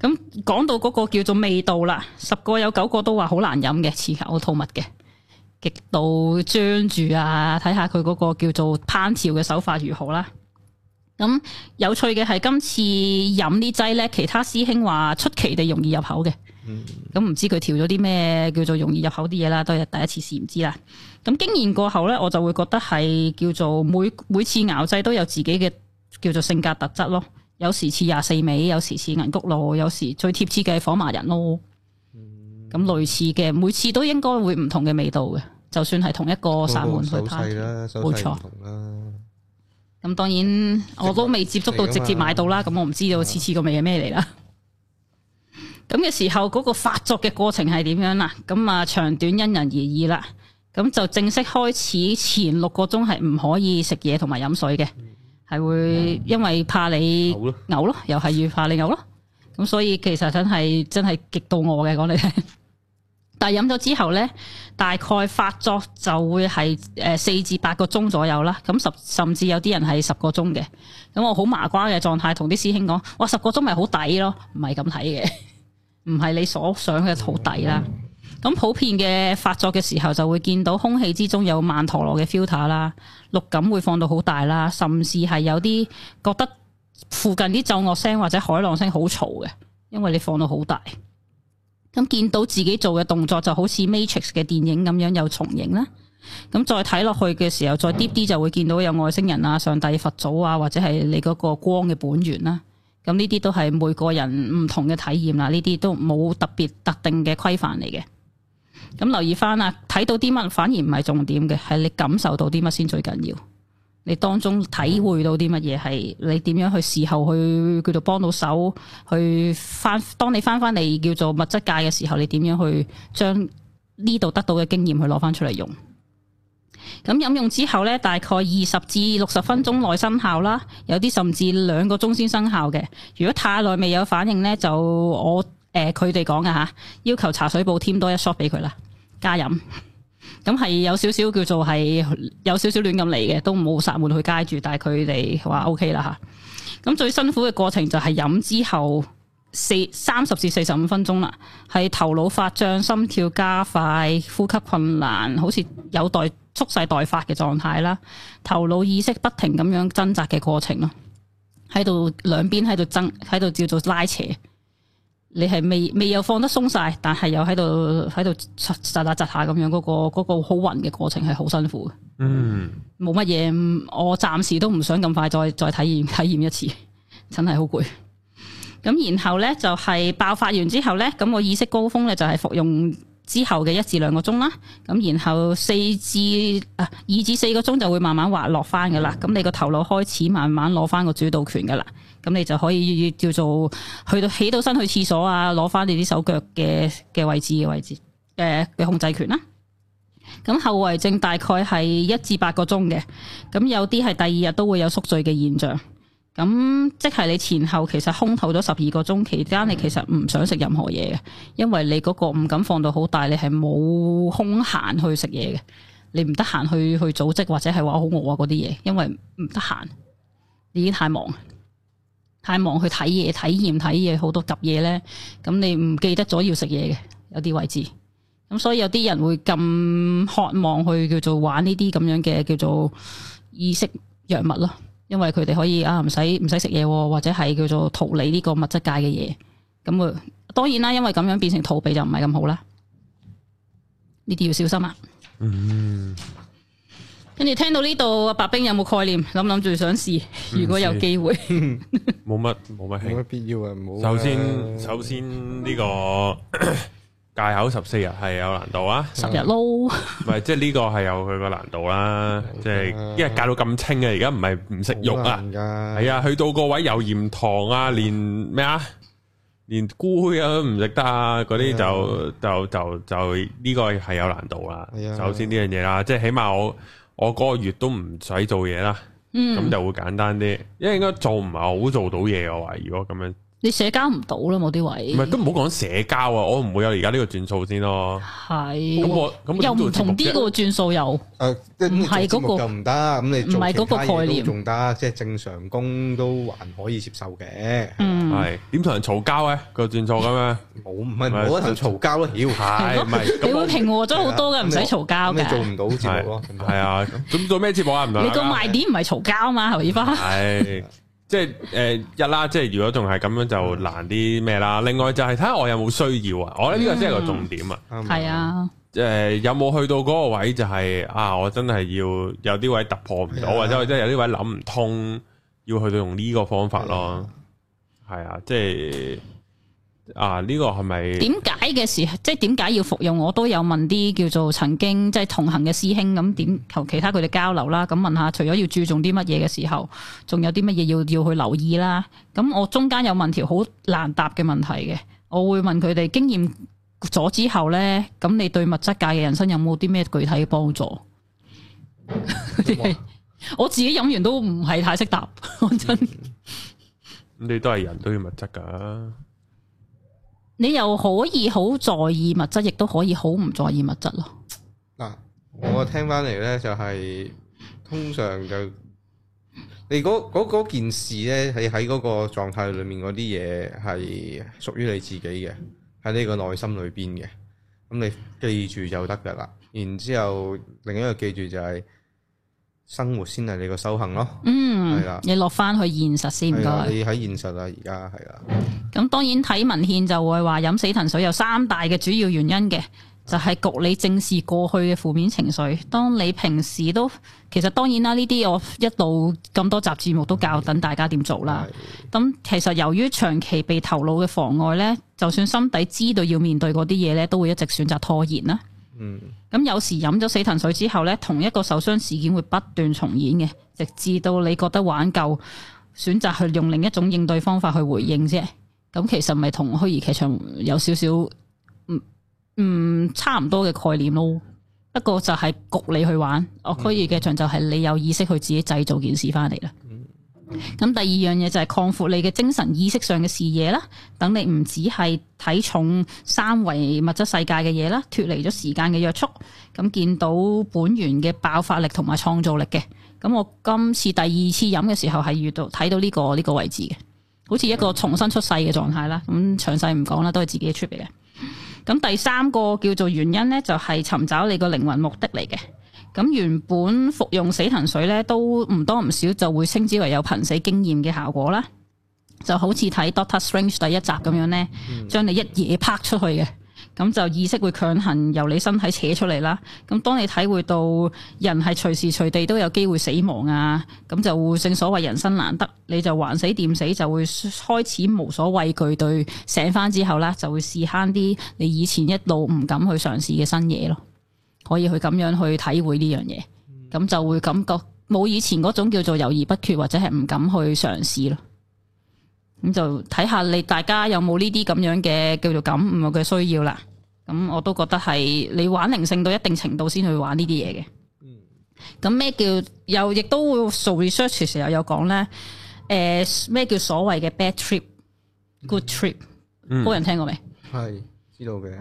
B: 咁講到嗰個叫做味道啦，十個有九個都話好難飲嘅，刺激我嘔吐物嘅，極度張住啊！睇下佢嗰個叫做烹調嘅手法如何啦。咁有趣嘅係今次飲啲劑呢，其他師兄話出奇地容易入口嘅。咁唔、嗯、知佢調咗啲咩叫做容易入口啲嘢啦？都係第一次試唔知啦。咁經驗過後呢，我就會覺得係叫做每每次熬劑都有自己嘅叫做性格特質咯。有時似廿四味，有時似銀菊咯，有時最貼切嘅係火麻仁咯。咁、嗯、類似嘅，每次都應該會唔同嘅味道嘅。就算係同一個薩滿去睇。冇錯。咁物當然我都未接觸到直接買到啦。咁我唔知道次次個味係咩嚟啦。咁嘅的 時候嗰、那個發作嘅過程係點樣啦？咁啊長短因人而異啦。咁就正式開始前六個鐘係唔可以食嘢同埋飲水嘅。係會因為怕你嘔咯，牛吧？又係要怕你嘔咯，咁所以其實真係真係極到我嘅講你聽。但係飲咗之後呢，大概發作就會係誒四至八個鐘左右啦。咁十甚至有啲人係十個鐘嘅。咁我好麻瓜嘅狀態同啲師兄講，哇，十個鐘咪好抵咯。唔係咁睇嘅，唔係你所想嘅好抵啦。嗯咁普遍嘅發作嘅時候，就會見到空氣之中有曼陀羅嘅 filter 啦，綠感會放到好大啦，甚至係有啲覺得附近啲奏樂聲或者海浪聲好嘈嘅，因為你放到好大。咁見到自己做嘅動作就好似 Matrix 嘅電影咁樣有重影啦。咁再睇落去嘅時候，再 deep 啲就會見到有外星人啊、上帝、佛祖啊，或者係你嗰個光嘅本源啦。咁呢啲都係每個人唔同嘅體驗啦。呢啲都冇特別特定嘅規範嚟嘅。咁留意翻啊，睇到啲乜反而唔係重點嘅，係你感受到啲乜先最緊要。你當中體會到啲乜嘢係你點樣去事後去叫做幫到手，去翻當你翻翻嚟叫做物質界嘅時候，你點樣去將呢度得到嘅經驗去攞翻出嚟用。咁飲用之後呢，大概二十至六十分鐘內生效啦，有啲甚至兩個鐘先生效嘅。如果太耐未有反應呢，就我。誒，佢哋講嘅吓，要求茶水部添多一 shot 俾佢啦，加飲。咁 係有少少叫做係有少少亂咁嚟嘅，都唔好撒門去街住。但係佢哋話 O K 啦吓。咁最辛苦嘅過程就係飲之後四三十至四十五分鐘啦，係頭腦發脹、心跳加快、呼吸困難，好似有待蓄勢待發嘅狀態啦，頭腦意識不停咁樣掙扎嘅過程咯，喺度兩邊喺度爭，喺度叫做拉扯。你係未未又放得鬆晒，但係又喺度喺度扎扎下扎下咁樣，嗰個嗰個好暈嘅過程係好辛苦嘅。嗯，冇乜嘢，我暫時都唔想咁快再再體驗體驗一次，真係好攰。咁然後咧，就係爆發完之後咧，咁我意識高峰咧就係服用之後嘅一至兩個鐘啦，咁然後四至啊二至四個鐘就會慢慢滑落翻噶啦，咁你個頭腦開始慢慢攞翻個主導權噶啦，咁你就可以叫做去到起到身去廁所啊，攞翻你啲手腳嘅嘅位置嘅位置，誒、呃、嘅控制權啦。咁後遺症大概係一至八個鐘嘅，咁有啲係第二日都會有縮聚嘅現象。咁即係你前後其實空透咗十二個鐘，期間你其實唔想食任何嘢嘅，因為你嗰個唔敢放到好大，你係冇空閒去食嘢嘅，你唔得閒去去組織或者係話好餓啊嗰啲嘢，因為唔得閒，你已經太忙，太忙去睇嘢、體驗睇嘢好多及嘢咧，咁你唔記得咗要食嘢嘅，有啲位置，咁所以有啲人會咁渴望去叫做玩呢啲咁樣嘅叫做意識藥物咯。因為佢哋可以啊唔使唔使食嘢，或者係叫做逃離呢個物質界嘅嘢。咁啊，當然啦，因為咁樣變成逃避就唔係咁好啦。呢啲要小心啊。嗯。跟住聽到呢度，阿白兵有冇概念？諗諗住想試，如果有機會。
A: 冇乜冇乜必要啊！要啊。首先首先呢個。 戒口十四日係有難度啊！十日咯，唔係即係呢個係有佢個難度啦，即係因為戒到咁清啊，而家唔係唔食肉啊，係啊，去到個位油鹽糖啊，連咩啊，連菇啊都唔食得啊，嗰啲就就就就呢個係有難度啦。首先呢樣嘢啦，即係起碼我我嗰個月都唔使做嘢啦，咁就會簡單啲，因為應該做唔係好做到嘢我話，如果咁樣。
B: 你社交唔到咯，冇啲位。唔係
A: 都唔好講社交啊！我唔會有而家呢個轉數先咯。
B: 係。咁我咁又唔同啲嘅喎，轉數又。誒，唔係嗰個節目
C: 就
B: 唔得。咁你做其他嘢都仲
A: 得，
C: 即係正常工都還
A: 可以接受嘅。
C: 嗯。
B: 係。
A: 點同人嘈交啊？佢轉錯嘅咩？冇，唔係唔好同人嘈交咯，妖係，唔係。你會
B: 平和咗好多嘅，唔使嘈交嘅。你
A: 做唔到節目咯？係啊。咁做咩節目啊？唔得。你個賣
B: 點唔係嘈交嘛？侯爾巴。係。
A: 即係誒、呃、一啦，即係如果仲係咁樣就難啲咩啦。另外就係睇下我有冇需要啊。我覺得呢個真係個重點啊。係、
B: 嗯、
A: 啊。誒、呃，有冇去到嗰個位就係、是、啊？我真係要有啲位突破唔到，啊、或者我真係有啲位諗唔通，要去到用呢個方法咯。係啊,啊，即係。啊！呢、這個係咪點
B: 解嘅時，即係點解要服用？我都有問啲叫做曾經即係、就是、同行嘅師兄咁點，求其同佢哋交流啦。咁問下，除咗要注重啲乜嘢嘅時候，仲有啲乜嘢要要去留意啦？咁我中間有問條好難答嘅問題嘅，我會問佢哋經驗咗之後呢，咁你對物質界嘅人生有冇啲咩具體嘅幫助？我自己飲完都唔係太識答，真、嗯。
A: 你都係人都要物質噶。
B: 你又可以好在意物質，亦都可以好唔在意物質咯。
C: 嗱、啊，我聽翻嚟咧，就係通常就你嗰件事咧，係喺嗰個狀態裏面嗰啲嘢係屬於你自己嘅，喺呢個內心裏邊嘅。咁你記住就得噶啦。然之後另一個記住就係、是。生活先係你個修行咯，嗯，係
B: 啦，你落翻去現實先唔該。你喺
C: 現實啊，而家係啊。
B: 咁當然睇文獻就會話飲死藤水有三大嘅主要原因嘅，就係局你正視過去嘅負面情緒。當你平時都其實當然啦，呢啲我一度咁多集節目都教緊大家點做啦。咁其實由於長期被頭腦嘅妨礙呢，就算心底知道要面對嗰啲嘢呢，都會一直選擇拖延啦。嗯，咁有時飲咗死藤水之後咧，同一個受傷事件會不斷重演嘅，直至到你覺得玩夠，選擇去用另一種應對方法去回應啫。咁其實咪同虛擬劇場有少少，嗯，嗯，差唔多嘅概念咯。不過就係焗你去玩，我虛擬劇場就係你有意識去自己製造件事翻嚟啦。咁第二樣嘢就係擴闊你嘅精神意識上嘅視野啦，等你唔止係睇重三維物質世界嘅嘢啦，脫離咗時間嘅約束，咁見到本源嘅爆發力同埋創造力嘅。咁我今次第二次飲嘅時候係遇到睇到呢個呢個位置嘅，好似一個重新出世嘅狀態啦。咁詳細唔講啦，都係自己嘅 trip 嚟嘅。咁第三個叫做原因呢，就係尋找你個靈魂目的嚟嘅。咁原本服用死藤水咧，都唔多唔少就會稱之為有瀕死經驗嘅效果啦，就好似睇 Doctor Strange 第一集咁樣咧，將你一嘢啪出去嘅，咁就意識會強行由你身體扯出嚟啦。咁當你體會到人係隨時隨地都有機會死亡啊，咁就會正所謂人生難得，你就橫死掂死就會開始無所畏懼，對醒翻之後啦，就會試慳啲你以前一路唔敢去嘗試嘅新嘢咯。可以去咁樣去體會呢樣嘢，咁就會感覺冇以前嗰種叫做猶豫不決或者係唔敢去嘗試咯。咁就睇下你大家有冇呢啲咁樣嘅叫做感唔嘅需要啦。咁我都覺得係你玩靈性到一定程度先去玩呢啲嘢嘅。咁咩叫又亦都會做 research 嘅時候有講咧？誒、呃，咩叫所謂嘅 bad trip、good trip？好、
C: 嗯，有人聽過未？係知道嘅。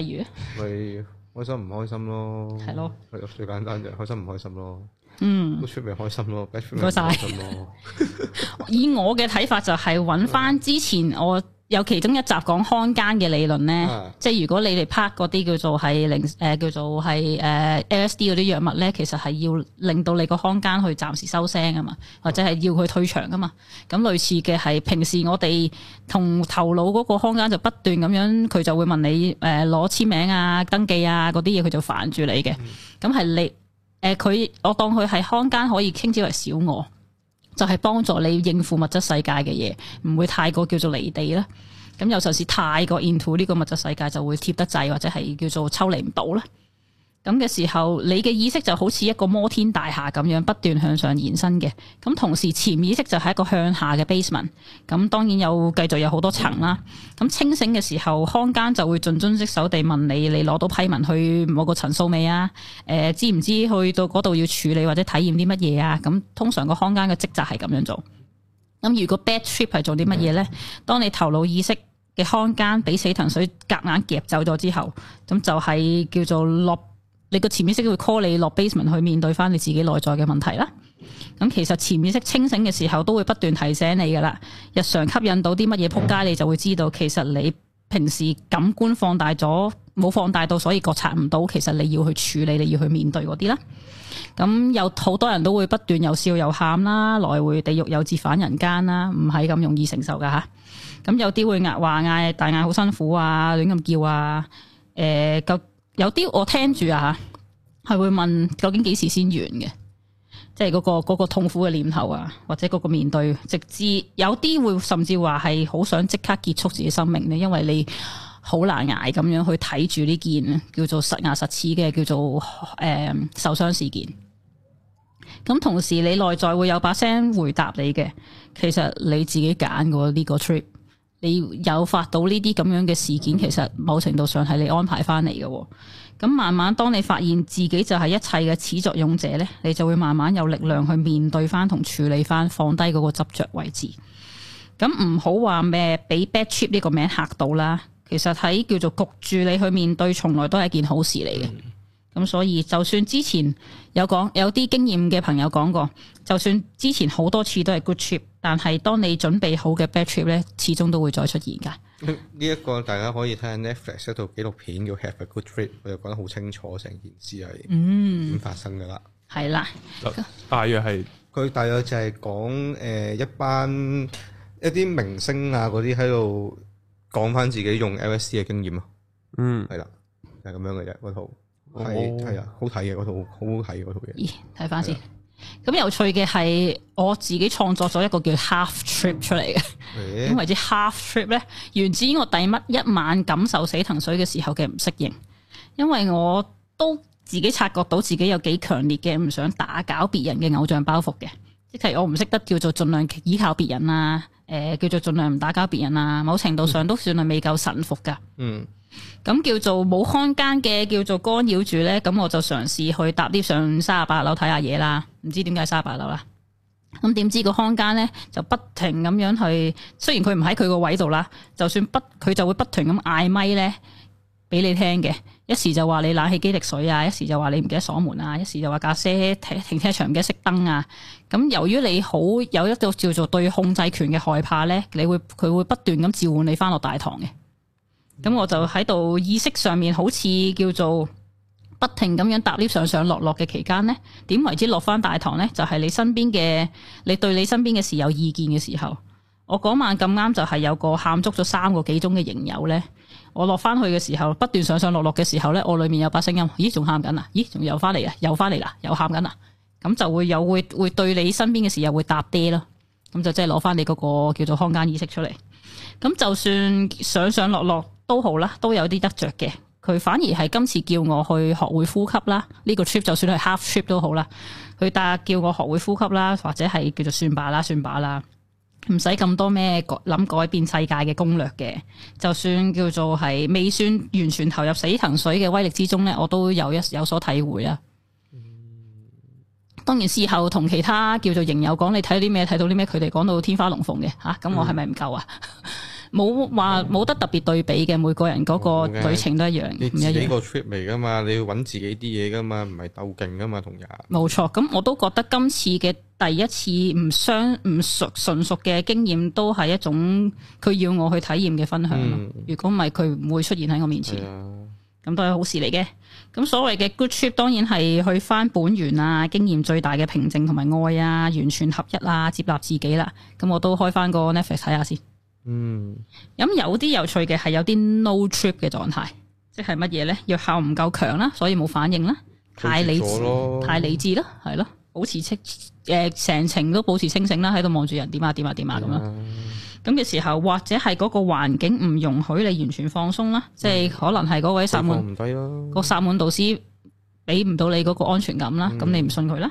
C: 例如，例開心唔開心咯，係咯，係咯，最簡單就係開心唔開心咯。嗯，都出名開心咯，唔開
B: 心咯。以我嘅睇法就係揾翻之前我。有其中一集講看更嘅理論咧，嗯、即係如果你哋拍嗰啲叫做係零誒叫做係誒、呃、LSD 嗰啲藥物咧，其實係要令到你個看更去暫時收聲啊嘛，或者係要佢退場啊嘛。咁類似嘅係平時我哋同頭腦嗰個看更就不斷咁樣，佢就會問你誒攞、呃、簽名啊、登記啊嗰啲嘢，佢就煩住你嘅。咁係你誒佢、呃，我當佢係看更可以稱之為小我。就係幫助你應付物質世界嘅嘢，唔會太過叫做離地啦。咁有時是太過 into 呢個物質世界，就會貼得滯或者係叫做抽離唔到啦。咁嘅時候，你嘅意識就好似一個摩天大廈咁樣不斷向上延伸嘅。咁同時，潛意識就係一個向下嘅 basement。咁當然有繼續有好多層啦。咁清醒嘅時候，看更就會盡忠職守地問你：你攞到批文去某個層數未啊？誒、呃，知唔知去到嗰度要處理或者體驗啲乜嘢啊？咁通常個看更嘅職責係咁樣做。咁如果 bad trip 係做啲乜嘢呢？當你頭腦意識嘅看更俾死藤水夾硬夾走咗之後，咁就係、是、叫做落。你個潛意識會 call 你落 basement 去面對翻你自己內在嘅問題啦。咁其實潛意識清醒嘅時候都會不斷提醒你噶啦。日常吸引到啲乜嘢撲街，你就會知道其實你平時感官放大咗，冇放大到，所以覺察唔到。其實你要去處理，你要去面對嗰啲啦。咁、嗯、有好多人都會不斷又笑又喊啦，來回地獄又折返人間啦，唔係咁容易承受噶嚇。咁、啊嗯、有啲會話嗌大嗌好辛苦啊，亂咁叫啊，誒、呃有啲我聽住啊，係會問究竟幾時先完嘅？即係嗰、嗰個、嗰個痛苦嘅念頭啊，或者嗰個面對，直至有啲會甚至話係好想即刻結束自己生命呢，因為你好難挨咁樣去睇住呢件叫做實牙實齒嘅叫做誒、呃、受傷事件。咁同時你內在會有把聲回答你嘅，其實你自己揀過呢個 trip。你有發到呢啲咁樣嘅事件，其實某程度上係你安排翻嚟嘅喎。咁慢慢，當你發現自己就係一切嘅始作俑者呢，你就會慢慢有力量去面對翻同處理翻，放低嗰個執著位置。咁唔好話咩俾 bad trip 呢個名嚇到啦。其實喺叫做焗住你去面對，從來都係件好事嚟嘅。咁所以，就算之前有講有啲經驗嘅朋友講過，就算之前好多次都係 good trip。但係，當你準備好嘅 bad trip 咧，始終都會再出現㗎。呢
C: 一、這個大家可以睇下 Netflix 嗰套紀錄片叫 Have a Good Trip，我就講得好清楚成件事係點發生㗎、嗯、啦。係啦以，那大約係佢大約就係講誒一班一啲明星啊嗰啲喺度講返自己用 LSC 嘅經驗啊。嗯，係啦，就係、是、咁樣嘅啫。嗰套係係啊，好睇嘅嗰套，好好睇嘅嗰套嘢。咦，
B: 睇返先。.咁有趣嘅係我自己創作咗一個叫 Half Trip 出嚟嘅，欸，咁為之 Half Trip 咧，源自於我第乜一晚感受死藤水嘅時候嘅唔適應，因為我都自己察覺到自己有幾強烈嘅唔想打攪別人嘅偶像包袱嘅，即係我唔識得叫做盡量依靠別人啊，誒、呃、叫做盡量唔打攪別人啊，某程度上都算係未夠臣服噶。嗯。嗯咁叫做冇看間嘅，叫做干擾住呢。咁我就嘗試去搭 𨋢 上三十八樓睇下嘢啦。唔知點解三十八樓啦。咁點知個看間呢，就不停咁樣去，雖然佢唔喺佢個位度啦，就算不佢就會不停咁嗌，咪呢，俾你聽嘅。一時就話你冷氣機滴水啊，一時就話你唔記得鎖門啊，一時就話架車停喺停車場嘅熄燈啊。咁由於你好有一個叫做對控制權嘅害怕呢，你會佢會不斷咁召喚你返落大堂嘅。咁我就喺度意識上面，好似叫做不停咁樣搭 lift 上上落落嘅期間呢，點為之落翻大堂呢？就係你身邊嘅，你對你身邊嘅事有意見嘅時候。我嗰晚咁啱就係有個喊足咗三個幾鐘嘅營友呢。我落翻去嘅時候不斷上上落落嘅時候呢，我裏面有把聲音，咦仲喊緊啊？咦仲又翻嚟啊？又翻嚟啦？又喊緊啊？咁就會有會會對你身邊嘅事又會搭爹咯。咁就即係攞翻你嗰個叫做空間意識出嚟。咁就算上上落落。都好啦，都有啲得着嘅。佢反而係今次叫我去學會呼吸啦。呢個 trip 就算係 half trip 都好啦。佢答叫我學會呼吸啦，或者係叫做算罷啦算罷啦，唔使咁多咩諗改變世界嘅攻略嘅。就算叫做係未算完全投入死藤水嘅威力之中呢，我都有一有所體會啊。當然事後同其他叫做營友講，你睇啲咩睇到啲咩，佢哋講到天花龍鳳嘅吓，咁我係咪唔夠啊？冇話冇得特別對比嘅，每個人嗰個旅程都一樣，唔、嗯、一樣。你自己個
C: trip 嚟噶嘛？你要揾自己啲嘢噶嘛？唔係鬥勁噶嘛，同人，
B: 冇錯，咁我都覺得今次嘅第一次唔相唔熟純熟嘅經驗，都係一種佢要我去體驗嘅分享。如果唔係，佢唔會出現喺我面前。咁、嗯、都係好事嚟嘅。咁所謂嘅 good trip 當然係去翻本源啊，經驗最大嘅平靜同埋愛啊，完全合一啊，接納自己啦。咁我都開翻個 Netflix 睇下先。嗯，咁有啲有趣嘅係有啲 no trip 嘅狀態，即係乜嘢咧？藥效唔夠強啦，所以冇反應啦，
A: 太理智，太理智
B: 啦，係咯，保持清，誒、呃，成程都保持清醒啦，喺度望住人點啊點啊點啊咁樣，咁嘅時候或者係嗰個環境唔容許你完全放鬆啦，嗯、即係可能係嗰位薩滿唔
C: 得咯，
B: 個薩滿導師俾唔到你嗰個安全感啦，咁、嗯、你唔信佢啦，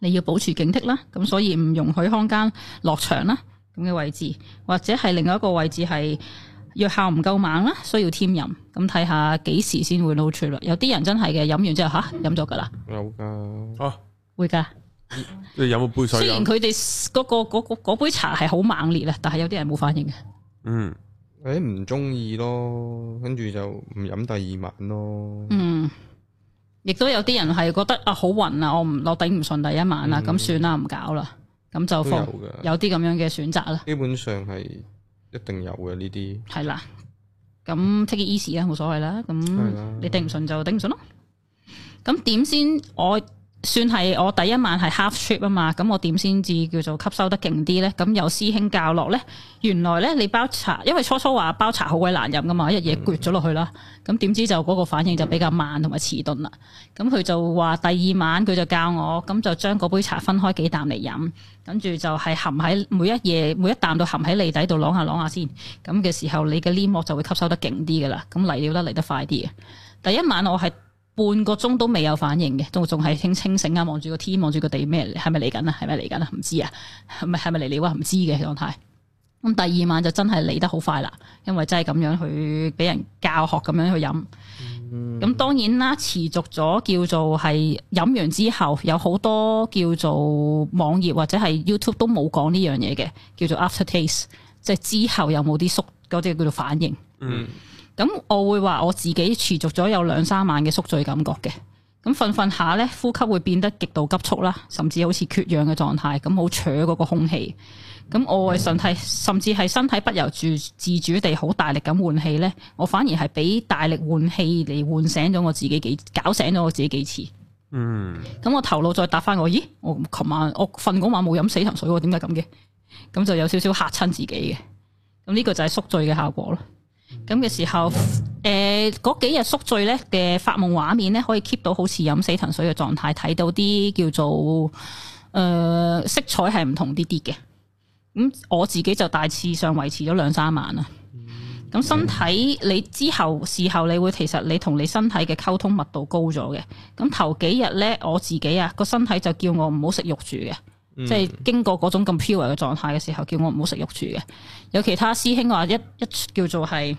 B: 你要保持警惕啦，咁所以唔容許空間落場啦。咁嘅位置，或者係另外一個位置係藥效唔夠猛啦，需要添飲。咁睇下幾時先會露出啦。有啲人真係嘅，飲完之後吓，飲咗噶啦。
A: 有噶吓、
B: 啊、會噶的。
A: 你飲過杯水？雖然佢
B: 哋嗰個個杯茶係好猛烈啊，但係有啲人冇反應
A: 嘅。嗯，誒唔
C: 中意咯，跟住就唔飲第二晚咯。嗯，
B: 亦都有啲人係覺得啊好暈啊，暈我唔我頂唔順第一晚啦，咁、嗯、算啦，唔搞啦。咁就放有啲咁樣嘅選擇啦。
C: 基本上係一定有嘅呢啲。係啦，
B: 咁 take it easy、嗯、啦，冇所謂啦。咁你頂唔順就頂唔順咯。咁點先我？算係我第一晚係 half trip 啊嘛，咁我點先至叫做吸收得勁啲呢？咁有師兄教落呢，原來呢你包茶，因為初初話包茶好鬼難飲噶嘛，一嘢攰咗落去啦，咁點知就嗰個反應就比較慢同埋遲鈍啦。咁佢就話第二晚佢就教我，咁就將嗰杯茶分開幾啖嚟飲，跟住就係含喺每一夜每一啖都含喺脷底度啷下啷下先。咁嘅時候你嘅黏膜就會吸收得勁啲噶啦，咁嚟料咧嚟得快啲嘅。第一晚我係。半個鐘都未有反應嘅，都仲係清清醒啊，望住個天，望住個地，咩，係咪嚟緊啊？係咪嚟緊啊？唔知啊，係咪係咪嚟？你話唔知嘅狀態。咁第二晚就真係嚟得好快啦，因為真係咁樣去俾人教學咁樣去飲。咁、嗯、當然啦，持續咗叫做係飲完之後，有好多叫做網頁或者係 YouTube 都冇講呢樣嘢嘅，叫做 aftertaste，即係之後有冇啲宿嗰啲叫做反應。
A: 嗯。
B: 咁我會話我自己持續咗有兩三晚嘅宿醉感覺嘅，咁瞓瞓下咧，呼吸會變得極度急促啦，甚至好似缺氧嘅狀態，咁好扯嗰個空氣，咁我係身體，甚至係身體不由自主地好大力咁換氣咧，我反而係俾大力換氣嚟喚醒咗我自己幾次，搞醒咗我自己幾次，嗯，咁我頭腦再答翻我，咦，我琴晚我瞓嗰晚冇飲死藤水喎，點解咁嘅？咁就有少少吓親自己嘅，咁呢個就係宿醉嘅效果咯。咁嘅時候，誒、呃，嗰幾日宿醉咧嘅發夢畫面咧，可以 keep 到好似飲死藤水嘅狀態，睇到啲叫做誒、呃、色彩係唔同啲啲嘅。咁、嗯、我自己就大致上維持咗兩三晚啦。咁、嗯、身體你之後事後你會其實你同你身體嘅溝通密度高咗嘅。咁頭幾日咧我自己啊個身體就叫我唔好食肉住嘅，嗯、即係經過嗰種咁 pure 嘅狀態嘅時候，叫我唔好食肉住嘅。有其他師兄話一一叫做係誒、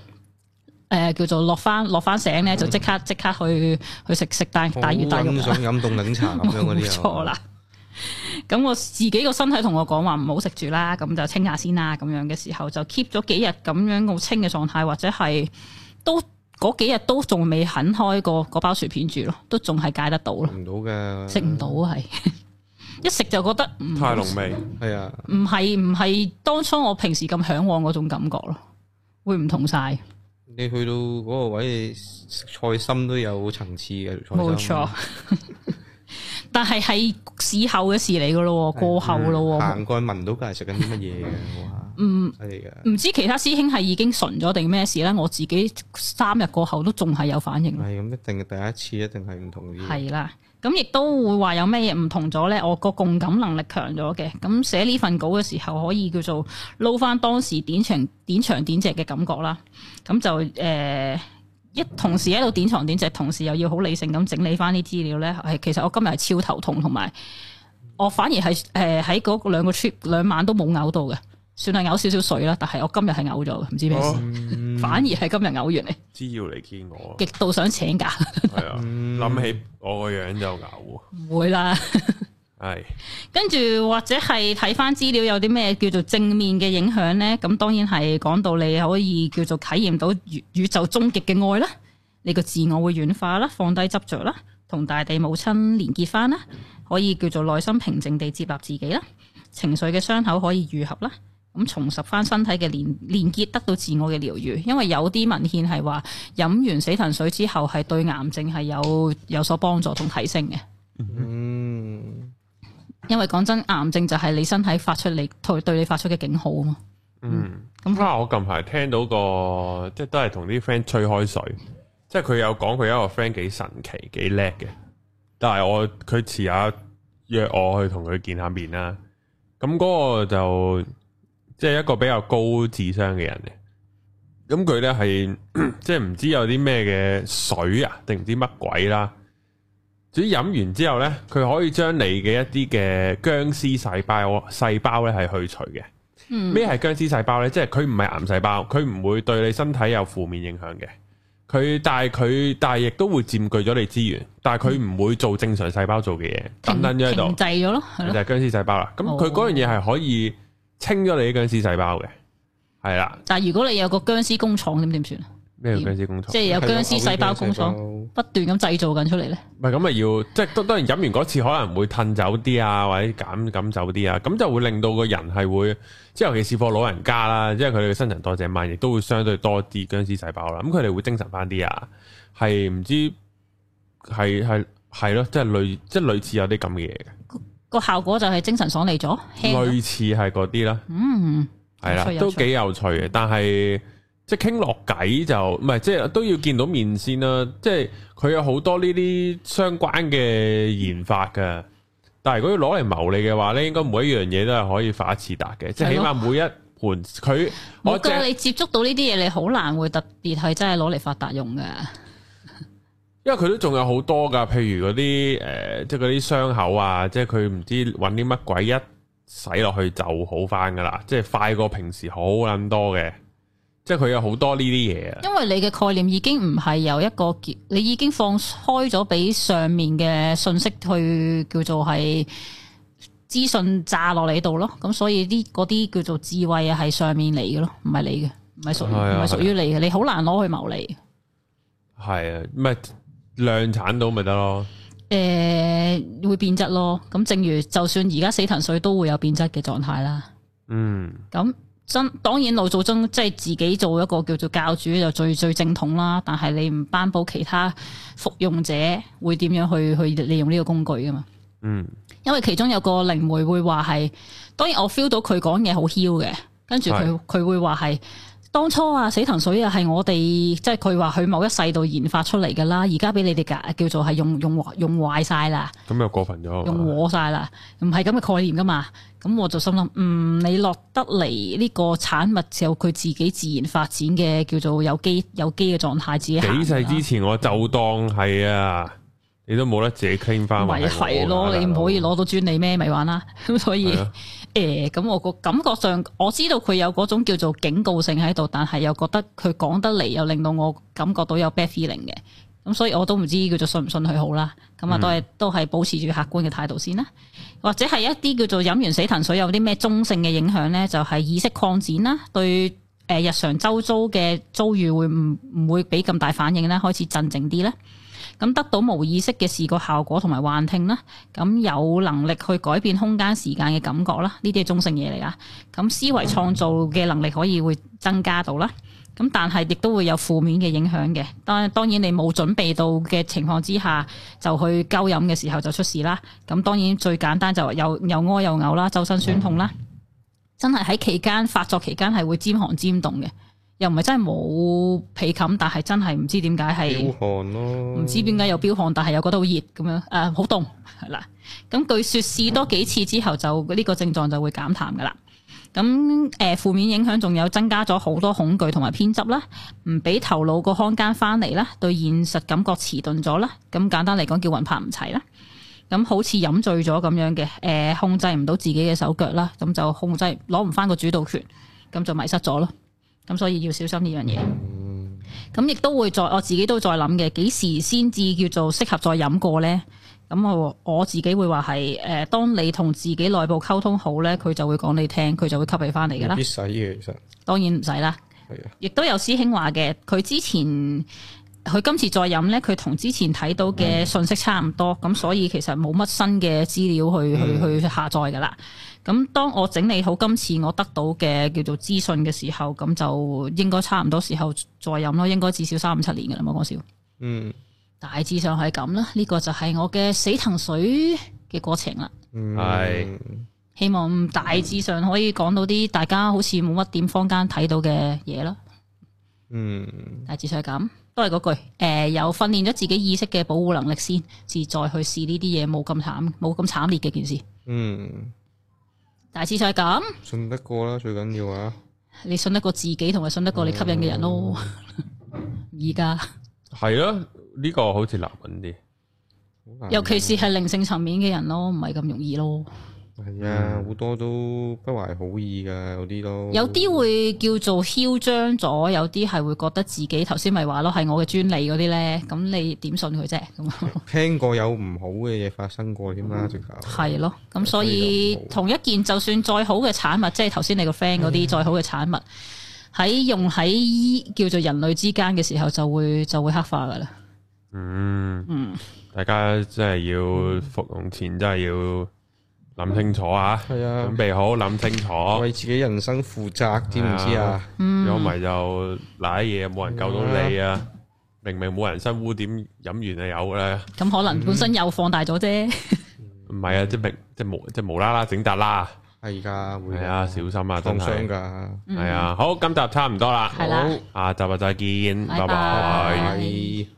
B: 呃、叫做落翻落翻醒咧，嗯、就即刻即刻去去食食大魚、嗯、大肉啦！飲凍檸茶咁
C: 樣嗰啲，冇錯啦。
B: 咁 我自己個身體同我講，話唔好食住啦，咁就清下先啦。咁樣嘅時候就 keep 咗幾日咁樣好清嘅狀態，或者係都嗰幾日都仲未肯開過嗰包薯片住咯，都仲係戒得到咯，食
A: 唔到嘅食唔到係。 一食就覺得唔太濃味，係啊，
B: 唔係唔係當初我平時咁向往嗰種感覺咯，會唔同晒。
C: 你去到嗰個位，菜心都有層次嘅，冇錯。沒錯 但
B: 係係事後嘅事嚟噶咯，的過後咯，行
C: 過去聞到梗係食緊啲乜嘢？唔係噶，
B: 唔、 嗯、知其他師兄係已經純咗定咩事咧？我自己三日過後都仲係有反應。
C: 係咁，一定第一次一定係唔同嘅。係
B: 啦。咁亦都會話有咩嘢唔同咗呢？我個共感能力強咗嘅，咁寫呢份稿嘅時候可以叫做撈翻當時點長點長點直嘅感覺啦，咁就誒、呃、一同時喺度點長點直，同時又要好理性咁整理翻啲資料呢，係其實我今日係超頭痛，同埋我反而係誒喺嗰兩個 trip 兩晚都冇嘔到嘅。算係嘔少少水啦，但係我今日係嘔咗，唔知咩事，嗯、反而係今日嘔完，
A: 知要嚟見我，極
B: 度想請假。係啊、嗯，
A: 諗 起我個樣就嘔。唔會啦。係 唉，
B: 跟住或者係睇翻資料有啲咩叫做正面嘅影響咧？咁當然係講到你可以叫做體驗到宇宙終極嘅愛啦，你個自我會軟化啦，放低執着啦，同大地母親連結翻啦，可以叫做內心平靜地接納自己啦，情緒嘅傷口可以愈合啦。咁重拾翻身體嘅連連結，得到自我嘅療愈。因為有啲文獻係話，飲完死藤水之後係對癌症係有有所幫助同提升嘅。嗯，因為講真，癌症就係你身體發出你對，對你發出嘅警號啊嘛。嗯、
A: 咁、嗯、啊，我近排聽到個即係都係同啲 friend 吹開水，即係佢有講佢一個 friend 幾神奇幾叻嘅，但係我佢遲下約我去同佢見下面啦。咁嗰個就。即係一個比較高智商嘅人嘅，咁佢咧係即係唔知有啲咩嘅水啊，定唔知乜鬼啦、啊。至於飲完之後咧，佢可以將你嘅一啲嘅僵屍細胞細胞咧係去除嘅。咩係僵屍細胞咧？即係佢唔係癌細胞，佢唔會對你身體有負面影響嘅。佢但係佢但係亦都會佔據咗你資源，但係佢唔會做正常細胞做嘅嘢，等等停，咗喺度，停滯咗咯，就係僵屍細胞啦。咁佢嗰樣嘢係可以。清咗你啲僵屍細胞嘅，係啦。
B: 但係如果你有個僵屍工廠，點點算？
A: 咩叫僵屍工廠？即係有僵屍細胞工廠，
B: 不斷咁製造緊出嚟咧。
A: 唔係咁啊，要即係，當然飲完嗰次可能會褪走啲啊，或者減減走啲啊，咁就會令到個人係會，即係尤其是乎老人家啦，因為佢哋嘅新陳代謝慢，亦都會相對多啲僵屍細胞啦。咁佢哋會精神翻啲啊，係唔知係係係咯，即係、就是、類即係、就是、類似有啲咁嘅嘢嘅。
B: 個效果就係精神爽利咗，類
A: 似係嗰啲啦。嗯，係啦的，都幾有趣嘅。趣嗯、但係即係傾落偈就唔係，即係都要見到面先啦。即係佢有好多呢啲相關嘅研發噶。但係如果要攞嚟謀利嘅話咧，應該每一樣嘢都係可以發一次達嘅。哦、即係起碼每一盤佢，哦、我覺只得
B: 你接觸到呢啲嘢，你好難會特別係真係攞嚟發達用嘅。
A: 因為佢都仲有好多噶，譬如嗰啲誒，即係嗰啲傷口啊，即係佢唔知揾啲乜鬼一洗落去就好返噶啦，即係快過平時好捻多嘅，即係佢有好多呢啲嘢。因
B: 為你嘅概念已經唔係由一個結，你已經放開咗俾上面嘅信息去叫做係資訊炸落嚟度咯，咁所以啲嗰啲叫做智慧係上面嚟嘅咯，唔係你嘅，唔係屬唔係屬於你嘅，啊、你好、啊、難攞去謀利。
A: 係啊，量產到咪得咯？
B: 誒，會變質咯。咁正如，就算而家死藤水都會有變質嘅狀態啦。嗯。咁真當然，老祖宗即係自己做一個叫做教主就最最正統啦。但係你唔頒佈其他服用者，會點樣去去利用呢個工具噶嘛？嗯。因為其中有個靈媒會話係，當然我 feel 到佢講嘢好囂嘅，跟住佢佢會話係。當初啊，死藤水啊，係我哋即係佢話佢某一世度研發出嚟噶啦，而家俾你哋噶叫做係用用用壞晒啦。
A: 咁又過分咗，用和
B: 晒啦，唔係咁嘅概念噶嘛。咁我就心諗，嗯，你落得嚟呢個產物就有佢自己自然發展嘅叫做有機有機嘅狀態自己行。幾世之
A: 前我就當係啊，你都冇得自己傾翻。咪係咯，你
B: 唔可以攞到專利咩？咪、嗯、玩啦。咁所以的。 咁我個感覺上我知道佢有嗰種叫做警告性喺度，但係又覺得佢講得嚟，又令到我感覺到有 bad feeling 嘅。咁所以我都唔知叫做信唔信佢好啦。咁啊，都係都係保持住客觀嘅態度先啦。嗯、或者係一啲叫做飲完死藤水有啲咩中性嘅影響呢？就係、是、意識擴展啦，對誒日常周遭嘅遭遇會唔唔會俾咁大反應呢？開始鎮靜啲呢。咁得到無意識嘅視覺效果同埋幻聽啦，咁有能力去改變空間時間嘅感覺啦，呢啲係中性嘢嚟㗎。咁思維創造嘅能力可以會增加到啦。咁但係亦都會有負面嘅影響嘅。當當然你冇準備到嘅情況之下，就去鳩飲嘅時候就出事啦。咁當然最簡單就話又又屙又嘔啦，周身酸痛啦。真係喺期間發作期間係會沾寒沾凍嘅。又唔係真係冇被冚，但係真係唔知點解係飆
C: 汗咯。唔知點
B: 解有飆汗，但係又覺得好熱咁樣，誒，好凍係啦。咁據説試多幾次之後，就呢個症狀就會減淡噶啦。咁誒、呃、負面影響仲有增加咗好多恐懼同埋偏執啦，唔俾頭腦個空間翻嚟啦，對現實感覺遲鈍咗啦。咁簡單嚟講叫魂魄唔齊啦。咁好似飲醉咗咁樣嘅誒、呃，控制唔到自己嘅手腳啦，咁就控制攞唔翻個主導權，咁就迷失咗咯。咁所以要小心呢樣嘢，咁亦、嗯、都會再我自己都再諗嘅，幾時先至叫做適合再飲過呢？咁我我自己會話係誒，當你同自己內部溝通好呢，佢就會講你聽，佢就會吸你翻嚟㗎啦。唔使
C: 嘅，其實
B: 當然唔使啦。亦都有師兄話嘅，佢之前。佢今次再飲呢，佢同之前睇到嘅信息差唔多，咁、嗯、所以其實冇乜新嘅資料去去、嗯、去下載噶啦。咁當我整理好今次我得到嘅叫做資訊嘅時候，咁就應該差唔多時候再飲咯，應該至少三五七年噶啦，冇講笑，
C: 嗯，
B: 大致上係咁啦，呢、呢個就係我嘅死藤水嘅過程啦。嗯，
C: 嗯、
B: 希望大致上可以講到啲大家好似冇乜點坊間睇到嘅嘢啦。嗯，大致上係咁。都係嗰句，誒、呃，有訓練咗自己意識嘅保護能力先，至再去試呢啲嘢，冇咁慘，冇咁慘烈嘅件事。
C: 嗯，
B: 大致上係咁，
A: 信得過啦，最緊要啊！
B: 你信得過自己，同埋信得過你吸引嘅人咯。而家
A: 係啊，呢、這個好似難搵啲，尤其
B: 是係靈性層面嘅人咯，唔係咁容易咯。
A: 係啊，好、嗯、多都
C: 不懷好意噶，有啲都。有
B: 啲會叫做囂張咗，有啲係會覺得自己頭先咪話咯，係我嘅專利嗰啲咧，咁你點信佢啫？咁
C: 聽過有唔好嘅嘢發生過添啦，直頭、嗯。
B: 係咯，咁所以，所以同一件，就算再好嘅產物，即係頭先你個 friend 嗰啲再好嘅產物，喺、哎、呀用喺叫做人類之間嘅時候，就會就會黑化噶啦。嗯嗯，
A: 嗯大家真係要服用前真係要。嗯諗清楚啊，準備好諗清楚，為自己人生負責，知唔知啊？有咪就瀨嘢，冇人救到你啊！明明冇人生污點，飲完就有嘅咧。
B: 咁可能本身又放大咗啫。
A: 唔係啊，即係明，即係無，即係無啦啦整雜啦。係而家會啊，小心啊，真係。放心噶，係啊，好，今集差唔多啦。係啦，下集啊再見，拜拜。